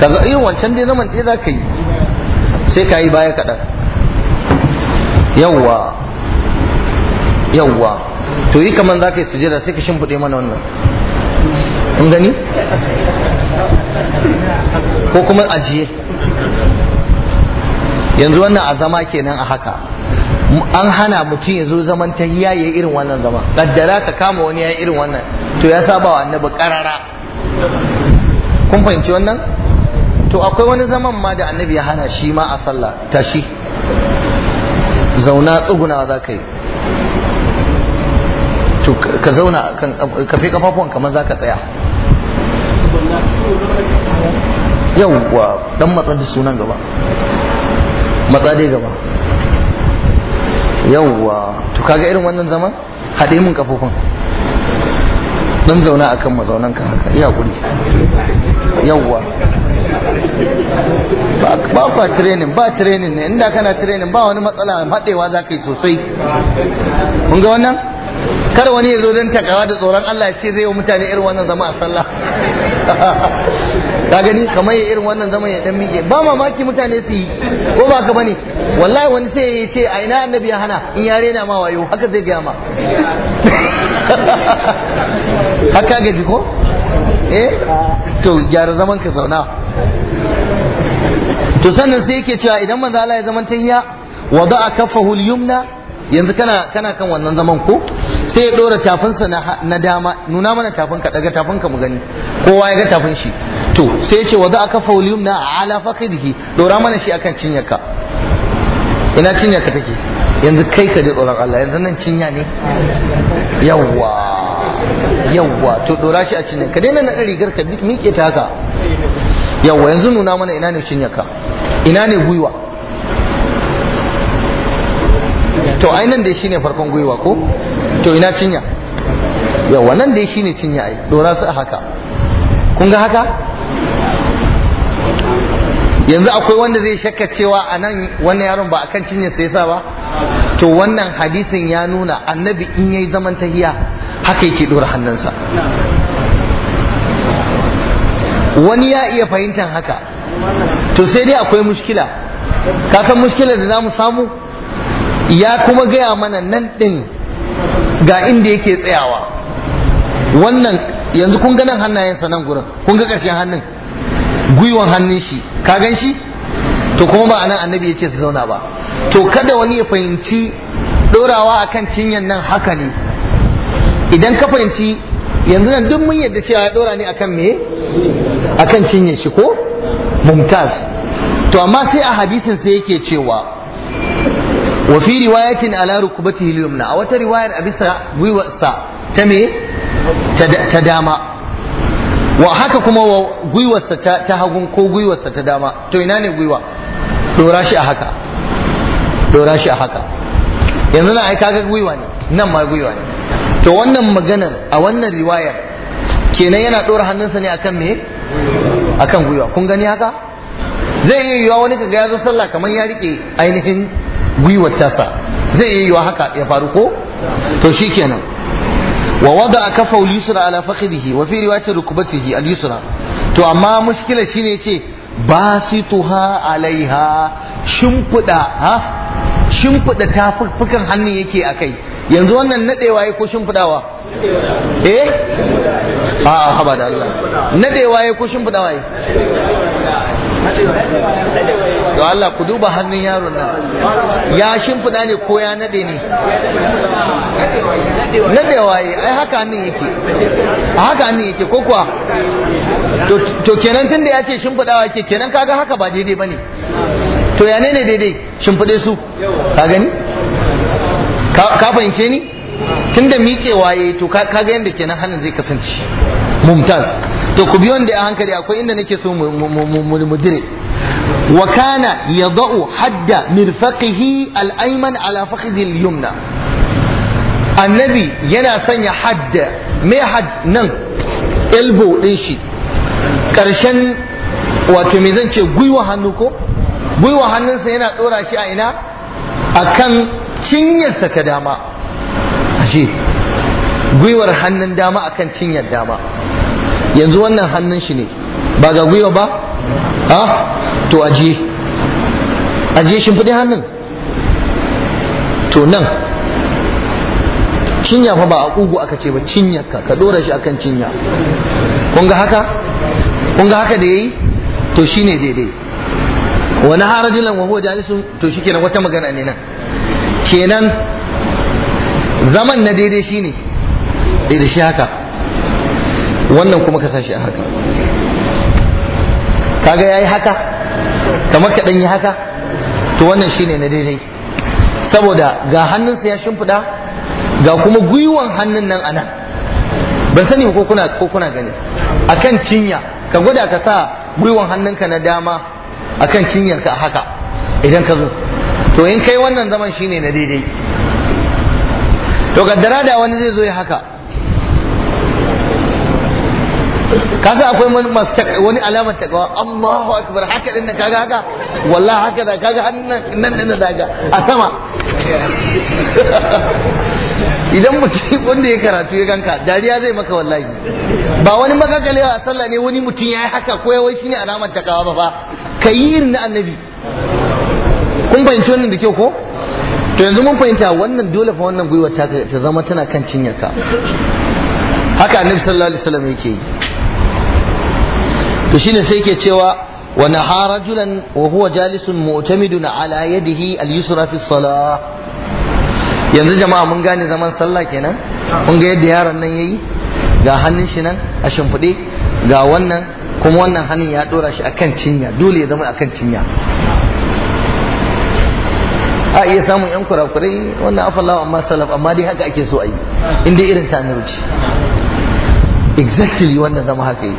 kaga yin wancan dai zaman ɗaya za ka yi sai ka yi baya kaɗan yawwa yawwa to yi kamar za ka yi sujada sai ka shimfiɗe mana wannan in gani ko kuma ajiye yanzu wannan a zama kenan a haka an hana mutum ya zo zaman ta ya irin wannan zama kaddara ka kama wani ya irin wannan to ya saba wa annabi karara kun fahimci wannan to akwai wani zaman ma da annabi ya hana shi ma a sallah tashi zauna tsuguna za ka yi to ka zauna ka fi kafafuwan kamar za ka tsaya wa dan matsa da sunan gaba matsa dai gaba yawwa to kaga irin wannan zaman haɗe mun kafofin dan zauna akan mazaunan ka haka iya guri yawwa ba ba training ba training ne inda kana training ba wani matsala haɗewa za ka yi sosai mun ga wannan kar wani ya zo don takawa da tsoron Allah ce zai yi mutane irin wannan zama a sallah ka gani kamar ya irin wannan zaman ya dan miƙe ba mamaki mutane su yi ko ba ka bane wallahi wani sai ya ce a ina annabi ya hana in ya rena ma wayo haka zai gaya ma haka gaji ko eh to gyara zaman ka zauna to sannan sai yake cewa idan manzo Allah ya zaman tahiya wada'a kafahu al-yumna yanzu kana kana kan wannan zaman ko sai ya dora tafinsa na dama nuna mana tafin ka daga tafin ka mu gani kowa ya ga tafin shi to sai ya ce wa aka fauliyum na ala faqidihi dora mana shi akan cinyarka ina cinyarka take yanzu kai ka je tsoron Allah yanzu nan cinya ne yawwa yawwa to dora shi a cinyar ka daina naɗa rigar ka miƙe ta haka yawwa yanzu nuna mana ina ne cinyarka ina ne gwiwa to ai nan dai shine farkon gwiwa ko to ina cinya yawa nan dai shine cinya ai dora su a haka kun ga haka yanzu akwai wanda zai shakka cewa a nan wannan yaron ba akan cinya sa yasa ba to wannan hadisin ya nuna annabi in yayi zaman tahiya haka yake dora hannunsa wani ya iya fahimtar haka to sai dai akwai mushkila ka san mushkilar da za mu samu ya kuma gaya mana nan ɗin ga inda yake tsayawa wannan yanzu kun ga nan hannayensa nan gurin kun ga ƙarshen hannun gwiwan hannun shi ka gan shi to kuma ba anan annabi ya ce su zauna ba to kada wani ya fahimci ɗorawa akan cinyan nan haka ne idan ka fahimci yanzu nan duk mun yadda cewa ya ɗora ne akan me akan cinyan shi ko mumtaz to amma sai a hadisin sai yake cewa wa fi riwayatin ala rukubatihi al-yumna a wata riwayar a bisa gwiwarsa ta me ta dama wa haka kuma wa gwiwarsa ta hagun ko gwiwarsa ta dama to ina ne gwiwa dora shi a haka dora shi a haka yanzu na ai kaga gwiwa ne nan ma gwiwa ne to wannan maganar a wannan riwayar kenan yana dora hannunsa ne akan me akan gwiwa kun gani haka zai iya yiwuwa wani kaga ya zo sallah kaman ya rike ainihin gwiwar tasa zai yi yiwa haka ya faru ko to shi kenan wa wada kafa al-yusra ala fakhdihi wa fi riwayat rukbatihi al-yusra to amma mushkila shine yace basituha alaiha shimfuda ha shimfida tafukan hannu yake akai yanzu wannan nadewa yake ko shimfudawa eh a haba da Allah nadewa yake ko shimfudawa yake to Allah ku duba hannun yaron nan ya shimfiɗa ne ko ya nade ne Nade waye. ai haka hannun yake haka hannun yake ko kuwa to kenan tunda ya ce shimfiɗawa ke kenan kaga haka ba daidai ba ne to ya ne daidai shimfiɗe su ka gani ka fahimce ni tunda miƙewa waye to kaga yadda kenan hannun zai kasance mumtaz to ku biyon da hankali akwai inda nake so mu mudire wa kana yadau hadda mirfaqihi al-ayman ala al-yumna annabi yana sanya hadda mai had nan elbow din shi karshen wato me zan ce gwiwa hannu ko gwiwa hannunsa yana dora shi a ina akan cinyarsa ta dama ashe gwiwar hannun dama akan cinyar dama yanzu wannan hannun shi ne ba ga gwiwa ba a to ajiye aje shimfiɗin hannun to nan cinya fa ba a ƙugu aka ce ba cinya ka ka ɗora shi akan cinya kun ga haka kun ga haka da yayi to shine daidai wani harajulan wa huwa jalisun to shikenan wata magana ne nan kenan zaman na daidai shine idan shi haka wannan kuma ka sashi a haka kaga yayi haka kamar ka dan yi haka to wannan shine na daidai saboda ga hannunsa ya shimfiɗa ga kuma gwiwan hannun nan anan ban sani ko kuna ko kuna gani akan cinya ka gwada ka sa gwiwan hannunka na dama akan cinyarka a haka idan ka zo to in kai wannan zaman shine na daidai to kaddara da wani zai zo ya haka kasa akwai wani masu wani alamar takawa Allahu akbar haka din nan kaga haka wallahi haka da kaga hannun nan nan daga a sama idan mutum wanda ya karatu ya ganka dariya zai maka wallahi ba wani makakalewa a sallah ne wani mutum ya yi haka ko yawai shine alamar takawa ba fa yi irin na annabi kun fahimci wannan da kyau ko to yanzu mun fahimta wannan dole fa wannan gwiwa ta zama tana kan cinyarka haka annabi sallallahu alaihi wasallam yake yi to shine sai ke cewa wa naha rajulan wa huwa jalisun mu'tamidun ala yadihi al-yusra fi salah yanzu jama'a mun gane zaman sallah kenan mun ga yadda yaron nan yayi ga hannun shi nan a shimfiɗe ga wannan kuma wannan hannun ya dora shi akan cinya dole ya zama akan cinya a iya samun yan kurakurai wannan afallawa amma salaf amma dai haka ake so a yi inda irin ta exactly wannan zama haka yi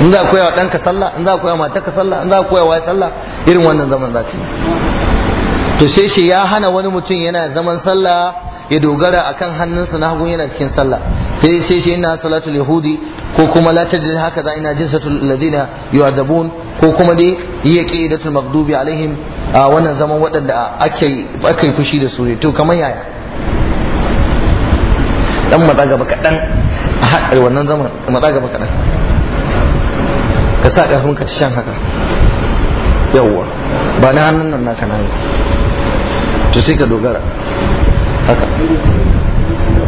in za a koya wa ɗanka sallah in za a koya wa matarka sallah in za a koya wa sallah irin wannan zaman za ka yi to sai shi ya hana wani mutum yana zaman sallah ya dogara akan hannunsa na hagun yana cikin sallah sai sai shi ina salatul yahudi ko kuma latar da haka za ina jinsatul ladina yu'adabun ko kuma dai yi yaqidatul maghdubi alaihim a wannan zaman waɗanda ake ake fushi da su to kamar yaya dan matsa gaba kaɗan a haɗa wannan zaman ka matsa gaba kaɗan ka sa ƙarfin ka shan haka yawwa ba na hannun nan naka na yi to sai ka dogara haka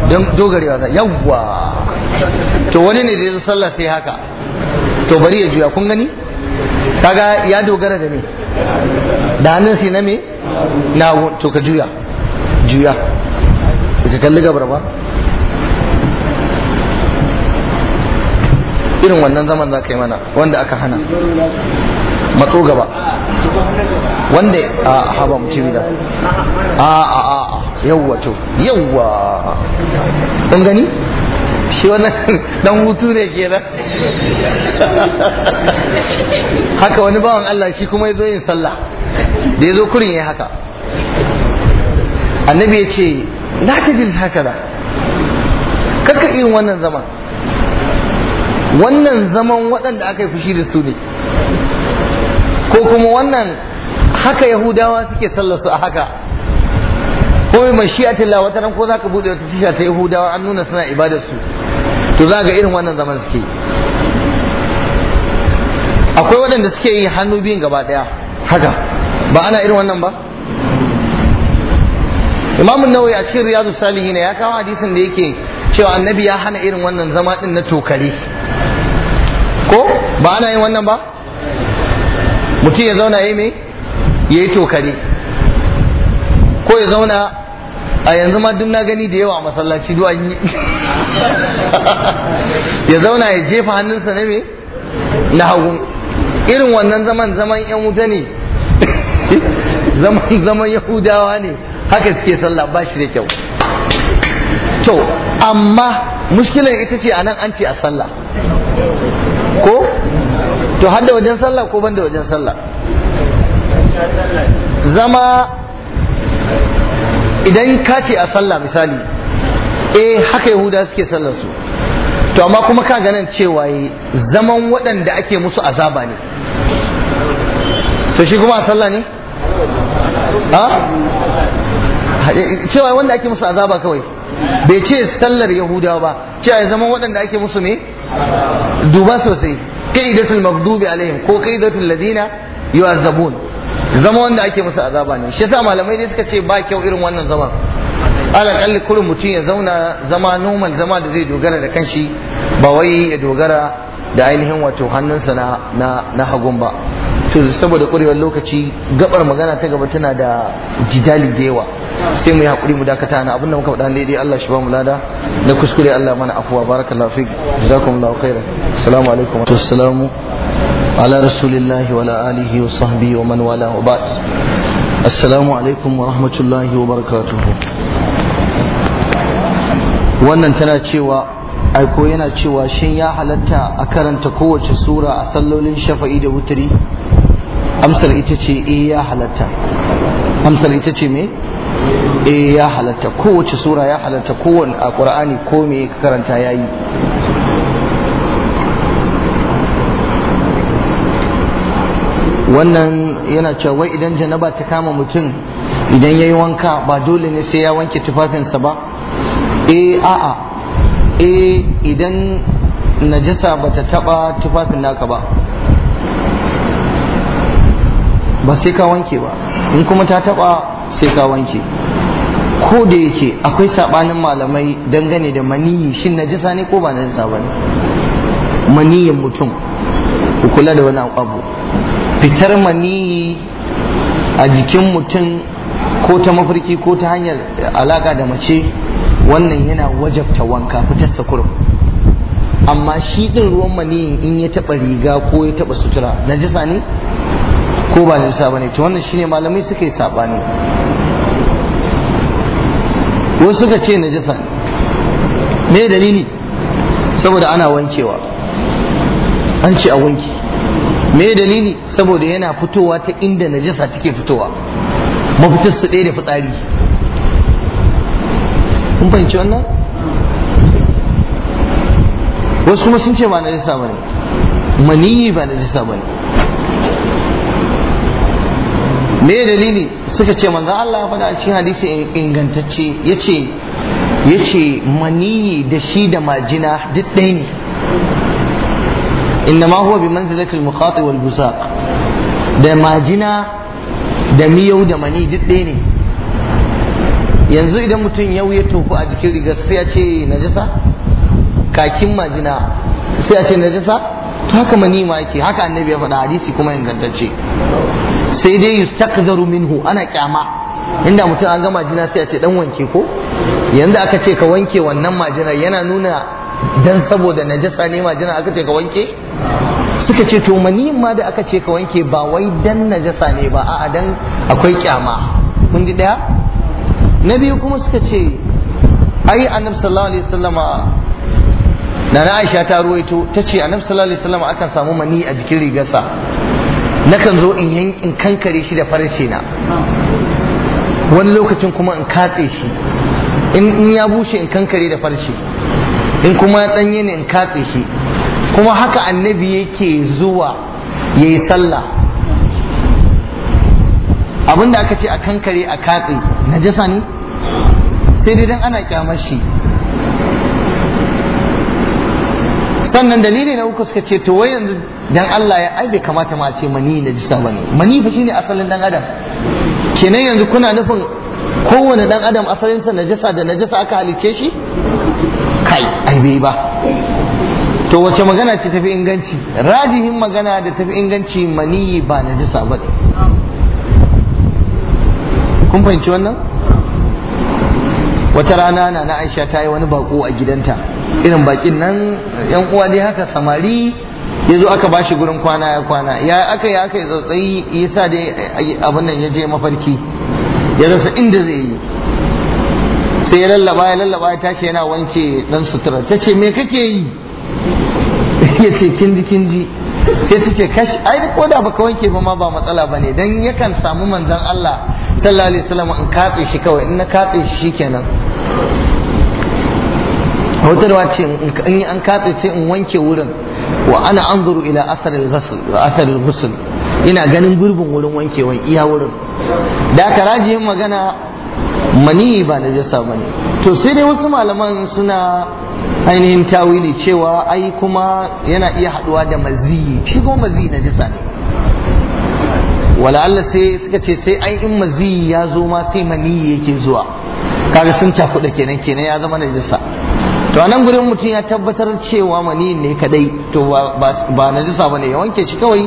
don dogarewa za yawwa to wani ne da ya sallah sai haka to bari ya juya kun gani kaga ya dogara da me da hannun sai na me na to ka juya juya ka kalli gabar ba irin wannan zaman za ka yi mana wanda aka hana matso gaba wanda a haba mutum da a a a yawwa to yawwa kun gani shi wannan dan hutu ne ke nan haka wani bawan Allah shi kuma ya zo yin sallah da ya zo kurin ya haka annabi ya ce na ta tajlis haka da kakka irin wannan zaman wannan zaman waɗanda aka yi fushi da su ne ko kuma wannan haka yahudawa suke sallarsu a haka ko mai shi'atillah wata nan ko za ka buɗe wata tisha ta yahudawa an nuna suna ibadar su to za ga irin wannan zaman suke akwai waɗanda suke yi hannu biyun gaba ɗaya haka ba ana irin wannan ba Imam Nawawi a cikin Riyadu Salihin ya kawo hadisin da yake cewa annabi ya hana irin wannan zama din na tokare ko ba ana yin wannan ba mutum ya zauna yi me ya yi tokare ko ya zauna a yanzu ma duk na gani da yawa a masallaci duk an yi ya zauna ya jefa hannunsa ne me na hagu irin wannan zaman zaman yan wuta ne zaman zaman yahudawa ne haka suke sallah ba shi da kyau to amma mushkilar ita ce anan an ce a sallah ko to har da wajen sallah ko ban da wajen sallah zama idan ka ce a sallah misali eh haka yahuda suke sallar su to amma kuma ka ganin cewa eh, zaman waɗanda ake musu azaba ne to shi kuma a sallah ne ha cewa wanda ake musu azaba kawai bai ce sallar yahudawa ba cewa ya zama waɗanda ake musu ne duba sosai kaidatul maghdubi alaihim ko kaidatul ladina yu'azzabun zama wanda ake musu azaba ne shi yasa malamai ne suka ce ba kyau irin wannan zaman alaƙalli kurin mutum ya zauna zama noman zama da zai dogara da kanshi ba wai ya dogara da ainihin wato hannunsa na hagun ba to saboda ƙurewar lokaci gabar magana ta gaba tana da jidali da yawa sai mu yi hakuri mu dakata na abinda muka faɗa daidai Allah shi ba mu lada da kuskure Allah mana afuwa barakallahu fik jazakumullahu khairan assalamu alaikum wa assalamu ala rasulillahi wa ala alihi wa sahbihi wa man wala wa ba'd assalamu alaikum wa rahmatullahi wa barakatuh wannan tana cewa aiko yana cewa shin ya halatta a karanta kowace sura a sallolin shafa'i da wuturi amsar ita ce eh ya halatta amsar ita ce me eh ya halatta kowace sura ya halatta kowane a ko me ya karanta yi. wannan yana cewa idan janaba ta kama mutum idan ya yi wanka ba dole ne sai ya wanke tufafinsa ba eh a'a eh idan najasa ba ta taba tufafin naka ba ba sai ka wanke ba in kuma ta taba sai ka wanke ko da yake akwai sabanin malamai dangane da maniyi shin najisa ne ko ba najisa ba ne maniyin mutum ku kula da wani abu fitar maniyi a jikin mutum ko ta mafarki ko ta hanyar alaka da mace wannan yana wajabta wanka fitar sa amma shi din ruwan maniyin in ya taba riga ko ya taba sutura najisa ne ko ba ba ne. to wannan shine malamai suka yi ne wasu suka ce na jasa me dalili saboda ana wankewa an ce a wanki me dalili saboda yana fitowa ta inda najasa take fitowa mafitar su ɗaya da fitsari kun fahimci wannan wasu kuma sun ce ba na ba ne. maniyi ba na ba ne. me dalili suka ce manzo Allah ya faɗa a cikin hadisi ingantacce yace yace mani da shi da majina duk ɗaya ne ma huwa bi manzilati al mukhati wal busaq da majina da miyau da mani duk ɗaya ne yanzu idan mutum yau ya tofu a jikin rigar sai ya ce najasa kakin majina sai ya ce najasa to haka mani ma yake haka annabi ya faɗa hadisi kuma ingantacce sai dai yustakdaru minhu ana kyama inda mutum an ga majina sai a ce dan wanke ko yanzu aka ce ka wanke wannan majinar yana nuna dan saboda najasa ne majina aka ce ka wanke suka ce to mani ma da aka ce ka wanke ba wai dan najasa ne ba a'a dan akwai kyama kun ji daya na biyu kuma suka ce ai annabi sallallahu alaihi wasallama na Aisha ta ruwaito ta ce annabi sallallahu alaihi wasallama akan samu mani a jikin rigarsa nakan zo in kankare shi da farce na wani lokacin kuma in katse shi in ya bushe in kankare da farce in kuma ɗanye ne in katse shi kuma haka annabi yake zuwa ya yi sallah abinda aka ce a kankare a katse najasa ne sai dai dan ana kyamar shi sannan dalili na uku suka ce to wai yanzu dan Allah ya ai bai kamata ma a ce mani na jisa bane mani fa shine asalin dan adam kenan yanzu kuna nufin kowane dan adam asalin sa najasa da najasa aka halicce shi kai ai bai ba to wace magana ce tafi inganci rajihin magana da tafi inganci mani ba najasa bane kun fahimci wannan wata rana na na Aisha ta yi wani bako a gidanta irin bakin nan yan uwa dai haka samari ya zo aka bashi gurin kwana ya kwana ya aka ya aka tsautsayi ya sa dai abin nan ya je mafarki ya rasa inda zai yi sai ya lallaba ya lallaba ya tashi yana wanke dan sutura ta ce me kake yi ya ce kindi kindi sai ta ce kashi ai ko da baka wanke ba ma ba matsala ba ne dan yakan samu manzon Allah sallallahu alaihi in katse shi kawai in na katse shi kenan. hautarwa ce in an katse sai in wanke wurin wa ana anzuru ila asarar ghusl ina ganin gurbin wurin wankewan iya wurin da aka rajiyin magana mani ba na jasa ba ne to sai dai wasu malaman suna ainihin tawili cewa ai kuma yana iya haduwa da mazi shi kuma na jasa ne wala sai suka ce sai ai in maziyi ya zo ma sai mani yake zuwa kaga sun cakuɗa kenan kenan ya zama na jasa to anan gurin mutum ya tabbatar cewa mani ne kadai to ba na najisa bane ya wanke shi kawai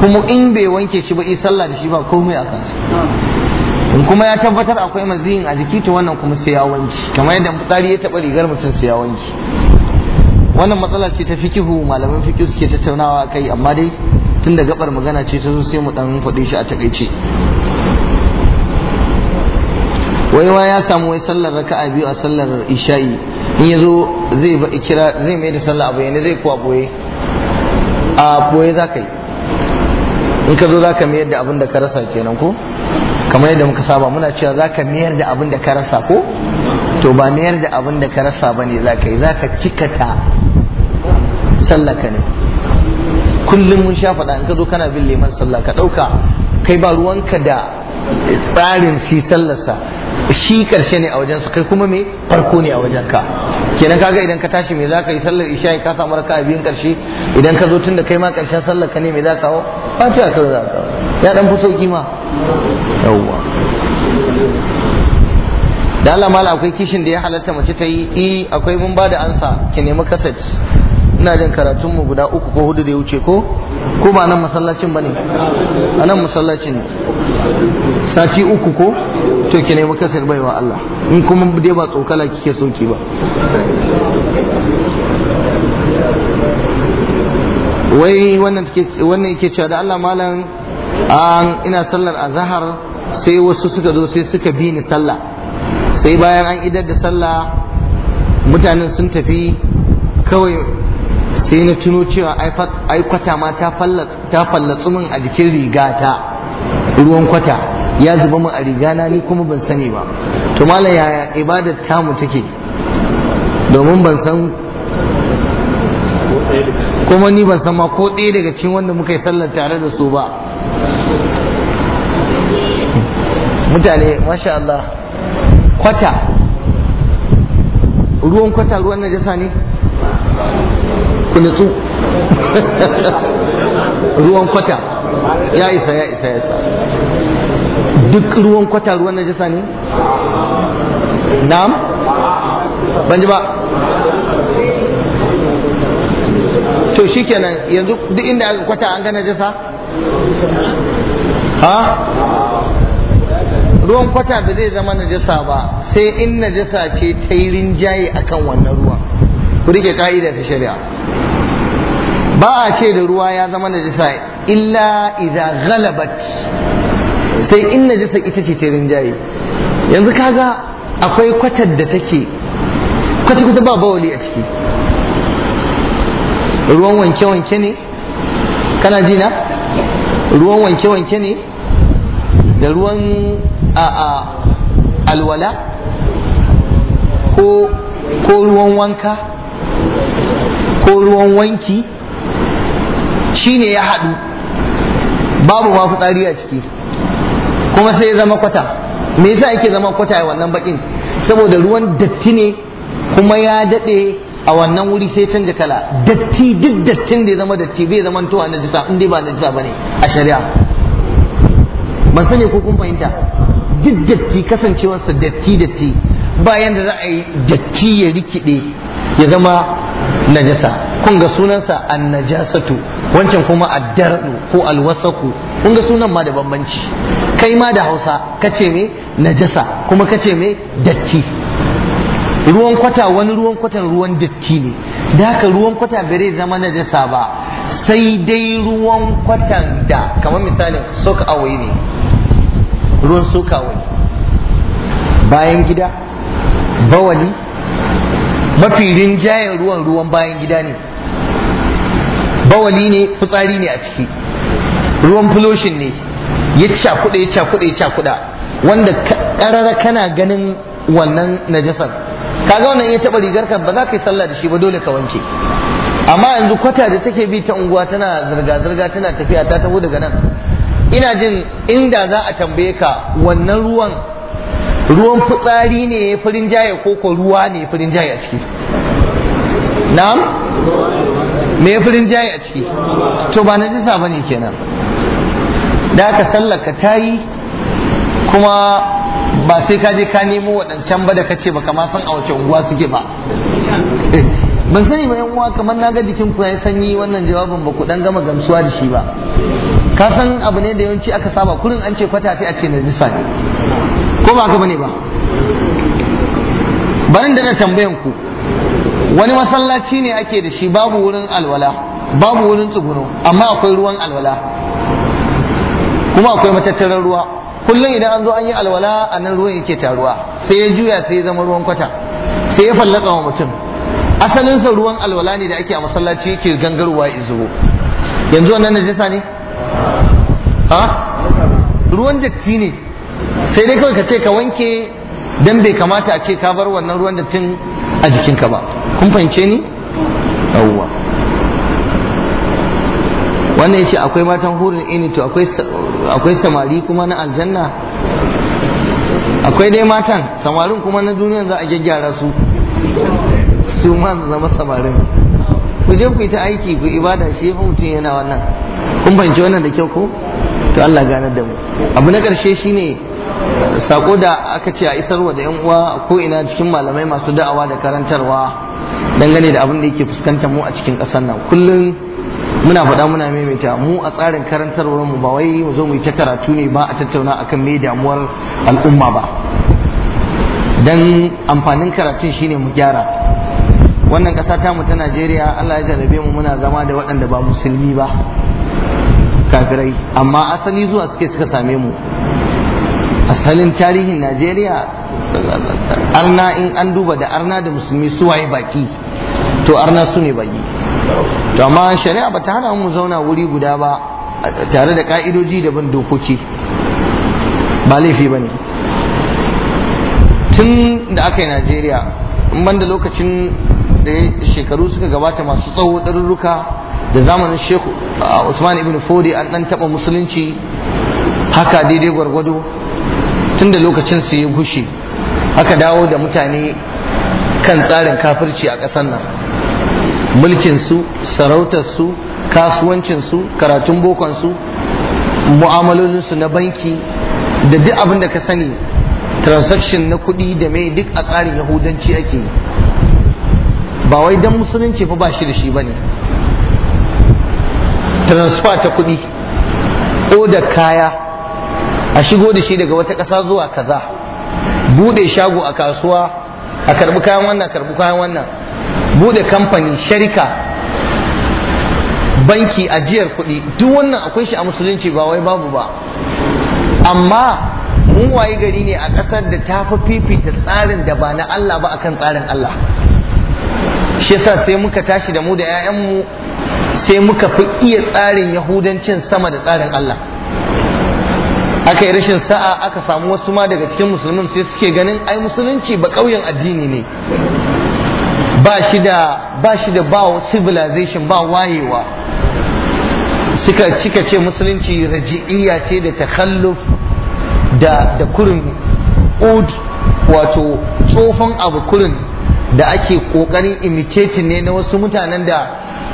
kuma in bai wanke shi ba yi sallah da shi ba komai a kansa in kuma ya tabbatar akwai mazin a jiki to wannan kuma sai ya wanke kamar yadda tsari ya taba rigar mutum sai ya wanke wannan matsala ce ta fikihu malaman fikihu suke tattaunawa kai amma dai tun da gabar magana ce ta zo sai mu dan faɗi shi a takaice wai ya samu wai sallar raka'a biyu a sallar isha'i in yanzu zai ba kira zai mai da sallah abu bayyane zai kuwa boye a boye za ka yi in ka zo za ka mayar da abin da ka rasa kenan ko kamar yadda muka saba muna cewa za ka mayar da abin da ka rasa ko to ba mayar da abin da ka rasa ba ne za ka yi za ka cikata sallaka ne kullum mun sha faɗa in ka zo kana bin liman sallah ka ɗauka kai ba ruwanka da tsarin si sallarsa shi karshe ne a wajensa kai kuma me farko ne a wajenka kenan kaga idan ka tashi me zaka yi sallar isha ka samu raka'a biyun karshe idan ka zo tunda kai ma karshen sallar ka ne me zaka hawo fatiha ka za ka ya dan fi sauki ma yawwa da Allah akwai kishin da ya halatta mace ta yi eh akwai mun ba da ansa ki nemi ina jin karatun mu guda uku ko hudu da ya wuce ko ko ba nan masallacin bane a nan masallacin sati uku ko to ki nemi kasar baiwa Allah in kuma dai ba tsokala kike soki ba wai wannan yake cewa da Allah malam ina sallar azhar sai wasu suka zo sai suka bi ni sallah sai bayan an idar da sallah mutanen sun tafi kawai sai na tuno cewa ai kwata ma ta fallatsu min a jikin rigata ruwan kwata ya zuba min a rigana ni kuma ban sani ba to mala yaya ibadar tamu take domin ban san kuma ni ban san ma ko ɗaya daga cikin wanda muka yi sallar tare da su ba mutane masha Allah kwata ruwan kwata ruwan najasa ne ku nutsu ruwan kwata ya isa ya isa ya isa duk ruwan kwata ruwan najisa ne na'am ban ji ba to shikenan yanzu duk inda aka kwata an ga najasa ha ruwan kwata ba zai zama najasa ba sai in najasa ce ta yi rinjaye akan wannan ruwan ku rike ka'ida ta shari'a ba a ce da ruwa ya zama najasa illa idza ghalabat sai in najasa ita ce ta rinjaye yanzu kaga akwai kwatar da take kwata kwata ba bawali a ciki ruwan wanke wanke ne kana ji na ruwan wanke wanke ne da ruwan a alwala ko ruwan wanka ko ruwan wanki shi ne ya haɗu babu ma fitsari a ciki kuma sai ya zama kwata me yasa yake zama kwata a wannan bakin saboda ruwan datti ne kuma ya daɗe a wannan wuri sai canja kala datti duk dattin da ya zama datti bai zama to a najisa in dai ba najisa bane a shari'a ban sani ko kun fahimta duk datti kasancewarsa datti datti bayan da za a yi datti ya rikide ya zama najasa kun ga sunansa najasatu wancan kuma dardu ko alwasaku kun ga sunan ma da bambanci kai ma da Hausa kace me najasa kuma kace me datti ruwan kwata wani ruwan kwatan ruwan datti ne da haka ruwan kwata bare zama najasa ba sai dai ruwan kwatan da kamar misalin soka awai ne ruwan soka awai bayan gida bawali mafi rinjayen ruwan ruwan bayan gida ne bawali ne fitsari ne a ciki ruwan fuloshin ne ya cakuɗa ya cakuɗa ya cakuɗa wanda ƙarara kana ganin wannan najasar kaga wannan ya taɓa rigar ka ba za ka yi sallah da shi ba dole ka wanke amma yanzu kwata da take bi ta unguwa tana zirga-zirga tana tafiya ta taho daga nan ina jin inda za a tambaye ka wannan ruwan ruwan fitsari ne ya farin jaya ko ko ruwa ne ya farin jaya a ciki na'am me ya farin jaya a ciki to ba na jisa bane kenan da aka sallaka tayi kuma ba sai ka je ka nemo waɗancan ba da ka ce ba kama san a wace unguwa suke ba ban sani ba uwa kamar na ga jikin ku yi sanyi wannan jawabin ba ku dan gama gamsuwa da shi ba ka san abu ne da yawanci aka saba kurin an ce kwata sai a ce na ne ba ka bane ba barin da tambayan ku wani masallaci ne ake da shi babu wurin alwala babu wurin tsuguno amma akwai ruwan alwala kuma akwai matattarar ruwa kullum idan an zo an yi alwala a nan ruwan yake taruwa sai ya juya sai ya zama ruwan kwata sai ya fallaka wa mutum asalinsa ruwan alwala ne da ake a masallaci yake gangarwa zo yanzu wannan najasa ne ruwan datti ne sai dai kawai ka ce ka wanke don bai kamata a ce ka bar wannan ruwan dattin a jikinka ba kun fahimce ni yawwa wannan ya ce akwai matan hurin ini to akwai samari kuma na aljanna akwai dai matan samarin kuma na duniya za a gyaggyara su su ma su zama samarin ku je ku yi ta aiki ku ibada shi fa mutum yana wannan kun fahimci wannan da kyau ko to Allah gane da mu abu na shi shine sako da aka ce a isarwa da yan uwa ko ina cikin malamai masu da'awa da karantarwa dangane da abin da yake fuskanta mu a cikin ƙasar nan kullum muna faɗa muna maimaita mu a tsarin karantarwar mu ba wai mu zo mu yi ta karatu ne ba a tattauna akan me damuwar al'umma ba dan amfanin karatun shine mu gyara wannan ƙasa mu ta Najeriya Allah ya jarrabe mu muna zama da waɗanda ba musulmi ba kafirai amma asali zuwa suke suka same mu asalin tarihin najeriya arna in an duba da arna da musulmi suwaye baki to arna su ne baki to amma shari'a ba ta hana mu zauna wuri guda ba tare da ka'idoji da dokoki ba laifi ba ne tun da aka yi najeriya in ban da lokacin da shekaru suka gabata masu tsawo ɗarurruka da zamanin shehu uh, usman ibn fodi an ɗan taɓa musulunci haka daidai gwargwado tun da lokacin su ya gushe aka dawo da mutane kan tsarin kafirci a ƙasar nan mulkinsu sarautarsu kasuwancinsu karatun bokonsu mu'amalolinsu na banki da duk abin da ka sani transaction na kuɗi da mai duk a tsarin yahudanci ake ba wai don musulunci fa ba shi da shi ba ne transfer ta kuɗi da kaya a shigo da shi daga wata ƙasa zuwa kaza bude shago a kasuwa a karbi kayan wannan karbi kayan wannan bude kamfani sharika banki ajiyar kuɗi duk wannan akwai shi a musulunci ba wai babu ba amma mun wayi gari ne a ƙasar da ta fi fifita tsarin da ba na Allah ba akan tsarin Allah shi yasa sai muka tashi da mu da 'ya'yanmu sai muka fi iya tsarin yahudancin sama da tsarin Allah aka yi rashin sa'a aka samu wasu ma daga cikin musulmin sai suke ganin ai musulunci ba ƙauyen addini ne ba shi da ba shi da ba civilization ba wayewa suka cika ce musulunci raji'iyya ce da takhalluf da da kurin od wato tsohon abu kurin da ake kokarin imitating ne na wasu mutanen da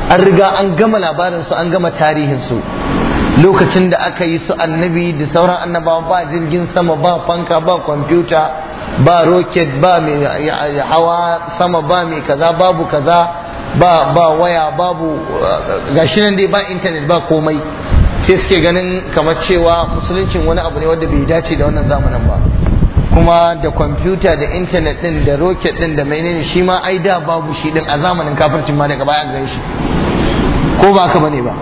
an riga an gama labarinsu an gama tarihinsu lokacin da aka yi su annabi da sauran annabawa ba jirgin sama ba fanka ba kwamfuta ba roket ba mai hawa sama ba mai kaza babu kaza ba waya babu uh, gashi nan dai ba intanet ba komai sai suke ganin kamar cewa musuluncin wani abu ne wanda bai dace da wannan zamanin ba kuma da kwamfuta da intanet din da roket din da menene shi ma ai da babu shi din a zamanin kafircin ma daga baya gan shi ko ba ka bane ba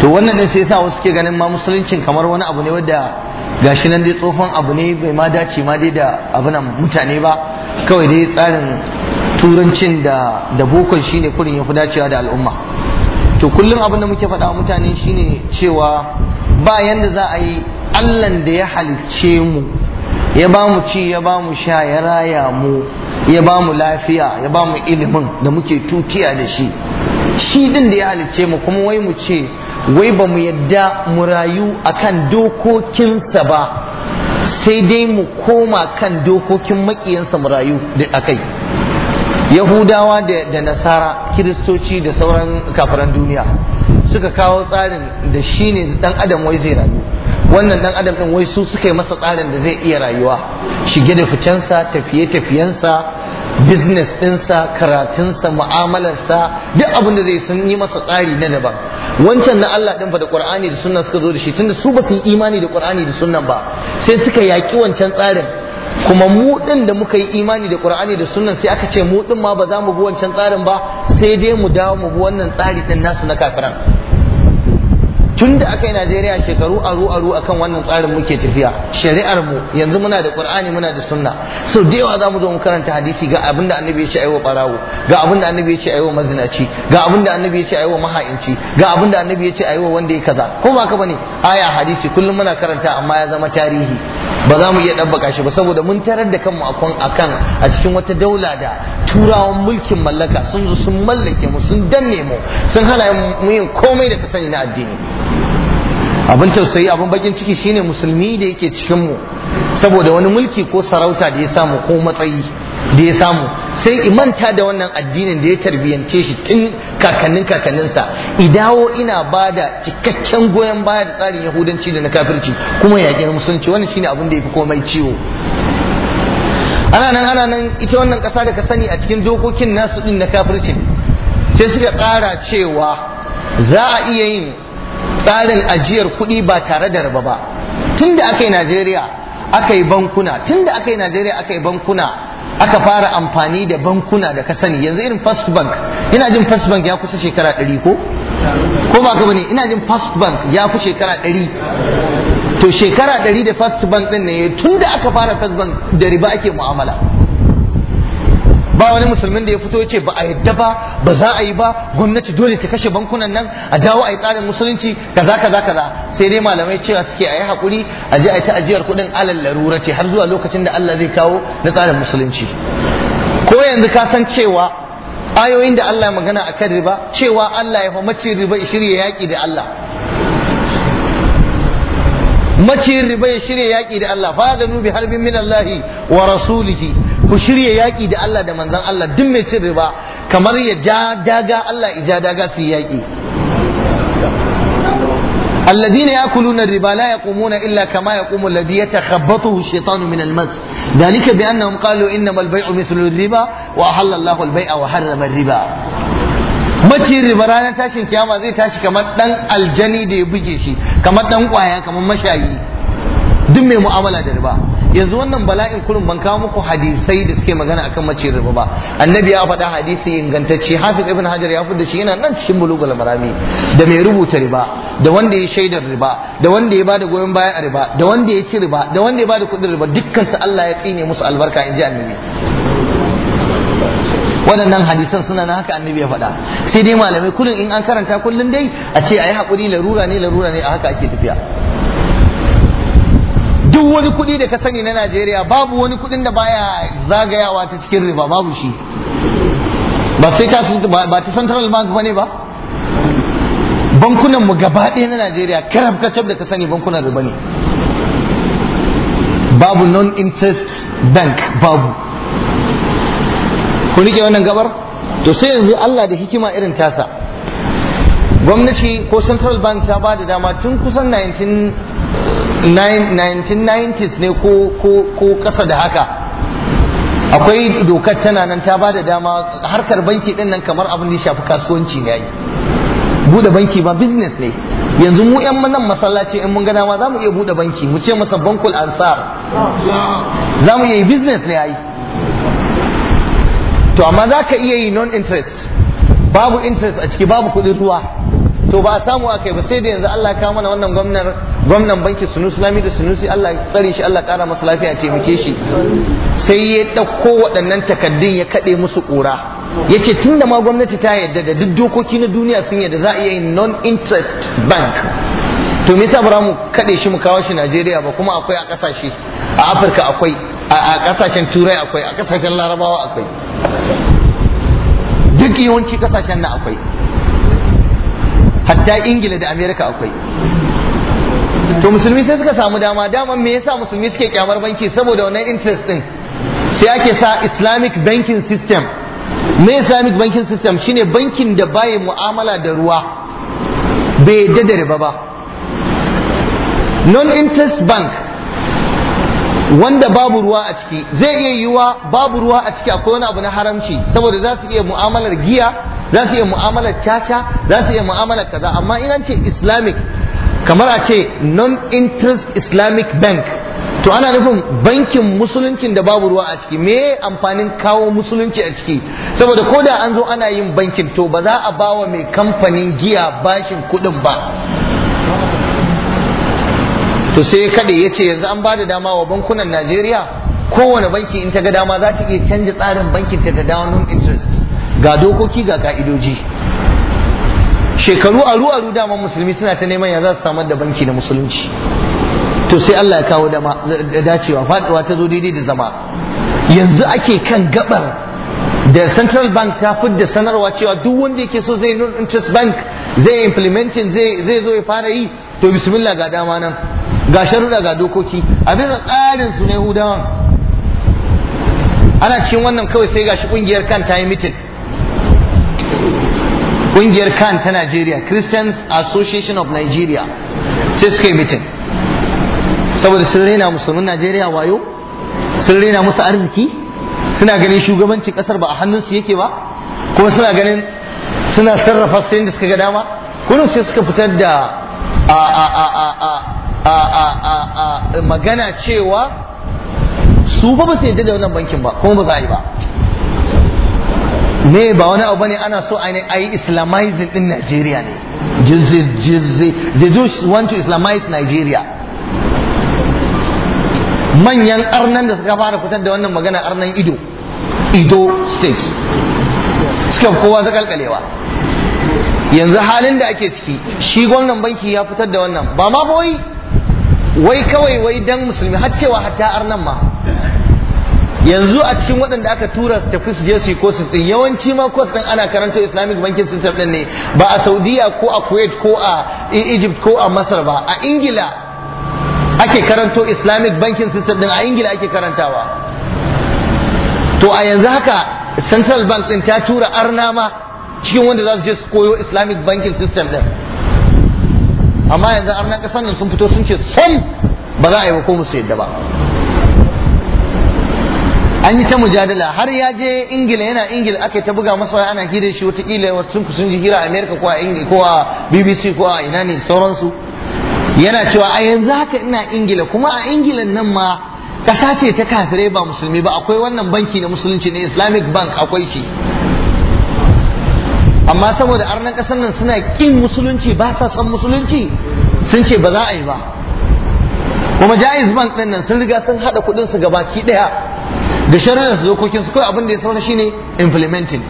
to wannan ne sai yasa wasu suke ganin ma musuluncin kamar wani abu ne wanda gashi nan dai tsohon abu ne bai ma dace ma dai da abu nan mutane ba kawai dai tsarin turancin da da bokon shine kurin ya fi dacewa da al'umma to kullum abin da muke faɗa mutane shine cewa ba yanda za a yi allan da ya halicce mu ya ba mu ci ya ba mu sha ya raya mu ya ba mu lafiya ya ba mu ilimin da muke tutiya da shi shi din da ya halicce mu kuma wai mu ce wai ba mu yadda mu rayu a kan dokokinsa ba sai dai mu koma kan dokokin maƙiyansa mu rayu da akai yahudawa da nasara kiristoci da sauran kafiran duniya suka kawo tsarin da shi ne dan adam wai zai rayu wannan dan adam ɗin wai su suka yi masa tsarin da zai iya rayuwa shige da ficensa tafiye tafiyensa business ɗinsa karatunsa sa duk abin da zai sun yi masa tsari na daban wancan na Allah ɗin fa da Qur'ani da sunna suka zo da shi tunda su ba su yi imani da Qur'ani da sunna ba sai suka yaki wancan tsarin kuma mu ɗin da muka yi imani da Qur'ani da sunna sai aka ce mu ɗin ma ba za mu bi wancan tsarin ba sai dai mu dawo mu bi wannan tsari ɗin nasu na kafiran tun da aka yi Najeriya shekaru aru aru akan wannan tsarin muke tafiya shari'ar mu yanzu muna da Ƙur'ani muna da sunna so da yawa zamu zo mu karanta hadisi ga abinda annabi ya ce aiwa barawo ga abinda annabi ya ce aiwa mazinaci ga abinda annabi ya ce aiwa maha'inci ga abinda annabi ya ce aiwa wanda ya kaza ko ba ka bane aya hadisi kullum muna karanta amma ya zama tarihi ba za mu iya dabbaka shi ba saboda mun tarar da kanmu akan akan a cikin wata daula da turawan mulkin mallaka sun zo sun mallake mu sun danne mu sun hana mu yin komai da ka sani na addini abin tausayi abin bakin ciki shine musulmi da yake cikin mu saboda wani mulki ko sarauta da ya samu ko matsayi da ya samu sai imanta da wannan addinin da ya tarbiyyance shi tun kakannin kakanninsa idawo ina ba da cikakken goyon baya da tsarin yahudanci da na kafirci kuma yaƙin musulunci wannan shine abin da ya fi komai ciwo ana nan ita wannan ƙasa da ka sani a cikin dokokin nasu din na kafircin sai suka ƙara cewa za a iya yin tsarin ajiyar kuɗi ba tare da raba ba tun da aka yi najeriya aka yi bankuna tun da aka yi najeriya aka yi bankuna aka fara amfani da bankuna da ka sani yanzu irin first bank ina jin first bank ya kusa shekara ɗari ko ko ba ka bane ina jin first bank ya fi shekara ɗari to shekara ɗari da first bank ɗin ne tun da aka fara first bank da riba ake mu'amala ba wani musulmin da ya fito ce ba a yadda ba ba za a yi ba gwamnati dole ta kashe bankunan nan a dawo a yi tsarin musulunci kaza kaza kaza sai dai malamai cewa suke a yi hakuri a je a yi ta ajiyar kuɗin alal larura ce har zuwa lokacin da Allah zai kawo na tsarin musulunci ko yanzu ka san cewa ayoyin da Allah magana a kan riba cewa Allah ya fa mace riba shirya yaƙi da Allah mace riba ya shirya yaƙi da Allah fa da nubi harbin min Allah wa rasulihi ku shirya yaƙi da Allah da manzan Allah duk mai cin riba kamar ya ja daga Allah ja daga su yi yaƙi الذين يأكلون الربا لا يقومون إلا كما يقوم الذي يتخبطه الشيطان من المس ذلك بأنهم قالوا إنما البيع مثل الربا وأحل الله البيع وحرم الربا mace riba ranar tashin kiyama zai tashi kamar ɗan aljani da ya buge shi kamar ɗan kwaya kamar mashayi duk mai mu'amala da riba yanzu wannan bala'in kullum ban kawo muku hadisai da suke magana akan mace riba ba annabi ya faɗa hadisi ingantacce hafiz ibn hajar ya da shi yana nan cikin bulugul marami da mai rubuta riba da wanda ya shaidar riba da wanda ya bada goyon baya a riba da wanda ya ci riba da wanda ya bada kuɗin riba dukkan su Allah ya tsine musu albarka in ji annabi waɗannan hadisan suna na haka annabi ya faɗa sai dai malamai kullum in an karanta kullum dai a ce a yi haƙuri larura ne larura ne a haka ake tafiya duk wani kuɗi da ka sani na Najeriya babu wani kuɗin da baya zagayawa ta cikin riba babu shi ba sai ta ba ta central bank bane ba bankunan mu gaba ɗaya na Najeriya karab ka da ka sani bankunan riba ne babu non interest bank babu ku rike wannan gabar to sai yanzu Allah da hikima irin tasa gwamnati ko central bank ta ba da dama tun kusan 19 1990s ne ko kasa da haka akwai dokar tana nan ta ba da dama harkar banki din nan kamar abin da ya shafi kasuwanci ne yi bude banki ba business ne yanzu mu yan nan masallaci in mun gana ma za mu iya bude banki mu ce masa bankul ansar za mu iya yi business ne yi to amma za ka iya yi non interest babu interest a ciki babu kuɗin ruwa to ba a samu akai ba sai da yanzu Allah ya kawo mana wannan gwamnar gwamnan banki Sunusi Lami da Sunusi Allah ya tsare shi Allah kara masa lafiya taimake shi sai ya dauko waɗannan takaddun ya kade musu kura yace tunda ma gwamnati ta yarda da duk dokoki na duniya sun yarda za a iya yin non interest bank to me yasa ba mu kade shi mu kawo shi Najeriya ba kuma akwai a kasashe a Afirka akwai a kasashen Turai akwai a kasashen Larabawa akwai duk yawanci kasashen na akwai hatta ingila da amerika akwai to musulmi sai suka samu dama dama me yasa musulmi suke kyamar banki saboda wannan interest din sai ake sa islamic banking system me islamic banking system shine bankin da baya mu'amala da ruwa bai yadda da riba ba non interest bank wanda babu ruwa a ciki zai iya yiwuwa babu ruwa a ciki akwai wani abu na haramci saboda za su iya mu'amalar giya za su iya mu'amalar caca za su iya mu'amalar kaza amma in an ce islamic kamar a ce non-interest islamic bank to ana nufin bankin musuluncin da babu ruwa a ciki me amfanin kawo musulunci a ciki saboda ko da an zo ana yin bankin to ba za a bawa mai kamfanin giya bashin kuɗin ba to sai kaɗe ya ce yanzu an ba da dama wa bankunan najeriya kowane banki in ta ga dama za ta iya canja tsarin bankin ta ta dawo non interest ga dokoki ga ka'idoji shekaru aru aru dama musulmi suna ta neman ya za su samar da banki na musulunci to sai Allah ya kawo da dacewa faduwa ta zo daidai da zama yanzu ake kan gabar da central bank ta fidda sanarwa cewa duk wanda yake so zai non interest bank zai implementing zai zo ya fara yi to bismillah ga dama nan ga sharuɗa ga dokoki a bisa tsarin su ne hudawan ana cikin wannan kawai sai gashi kungiyar kan ta yi mitin kungiyar kan ta Nigeria, Christians Association of Nigeria sai suka yi mitin saboda sun rena musulmin Najeriya wayo sun rena musu arziki suna ganin shugabancin kasar ba a hannunsu yake ba kuma suna ganin suna sarrafa su da suka ga dama kullum sai suka fitar da magana cewa su ba ba su yadda da wannan bankin ba kuma ba za a yi ba Ne ba wani abu ne ana so a yi islamizing din Najeriya ne jizzi jizzi they do want to islamize Nigeria manyan arnan da suka fara fitar da wannan magana arnan ido ido states suka kowa zakalkalewa yanzu halin da ake ciki shi gwamnan banki ya fitar da wannan ba ma boyi wai kawai wai dan musulmi har cewa hatta arnan ma yanzu a cikin waɗanda aka tura su tafi su je su yi courses din yawanci ma course din ana karanta Islamic banking system din ne ba a Saudiya ko a Kuwait ko a e-, Egypt ko a Masar ba a Ingila ake karanto Islamic banking system din a Ingila ake karantawa to a yanzu haka Central Bank ɗin ta tura arna ma cikin wanda za su je su koyo Islamic banking system ɗin. amma yanzu arna kasan nan sun fito sun ce sai ba za a yi ba ko musu yadda ba an yi ta mujadala har ya je ingila yana ingila aka ta buga masa ana hira shi watakila wasu sun ji hira a america ko a ingila ko a bbc ko a ina ne sauransu yana cewa a yanzu haka ina ingila kuma a ingila nan ma kasa ce ta kafire ba musulmi ba akwai wannan banki na musulunci na islamic bank akwai shi amma saboda arnan kasan nan suna kin musulunci ba sa son musulunci sun ce ba za a yi ba kuma jaiz bank din nan sun riga sun hada kudin su gabaki daya da shari'ar su dokokin su kawai abin da ya saura shine implementing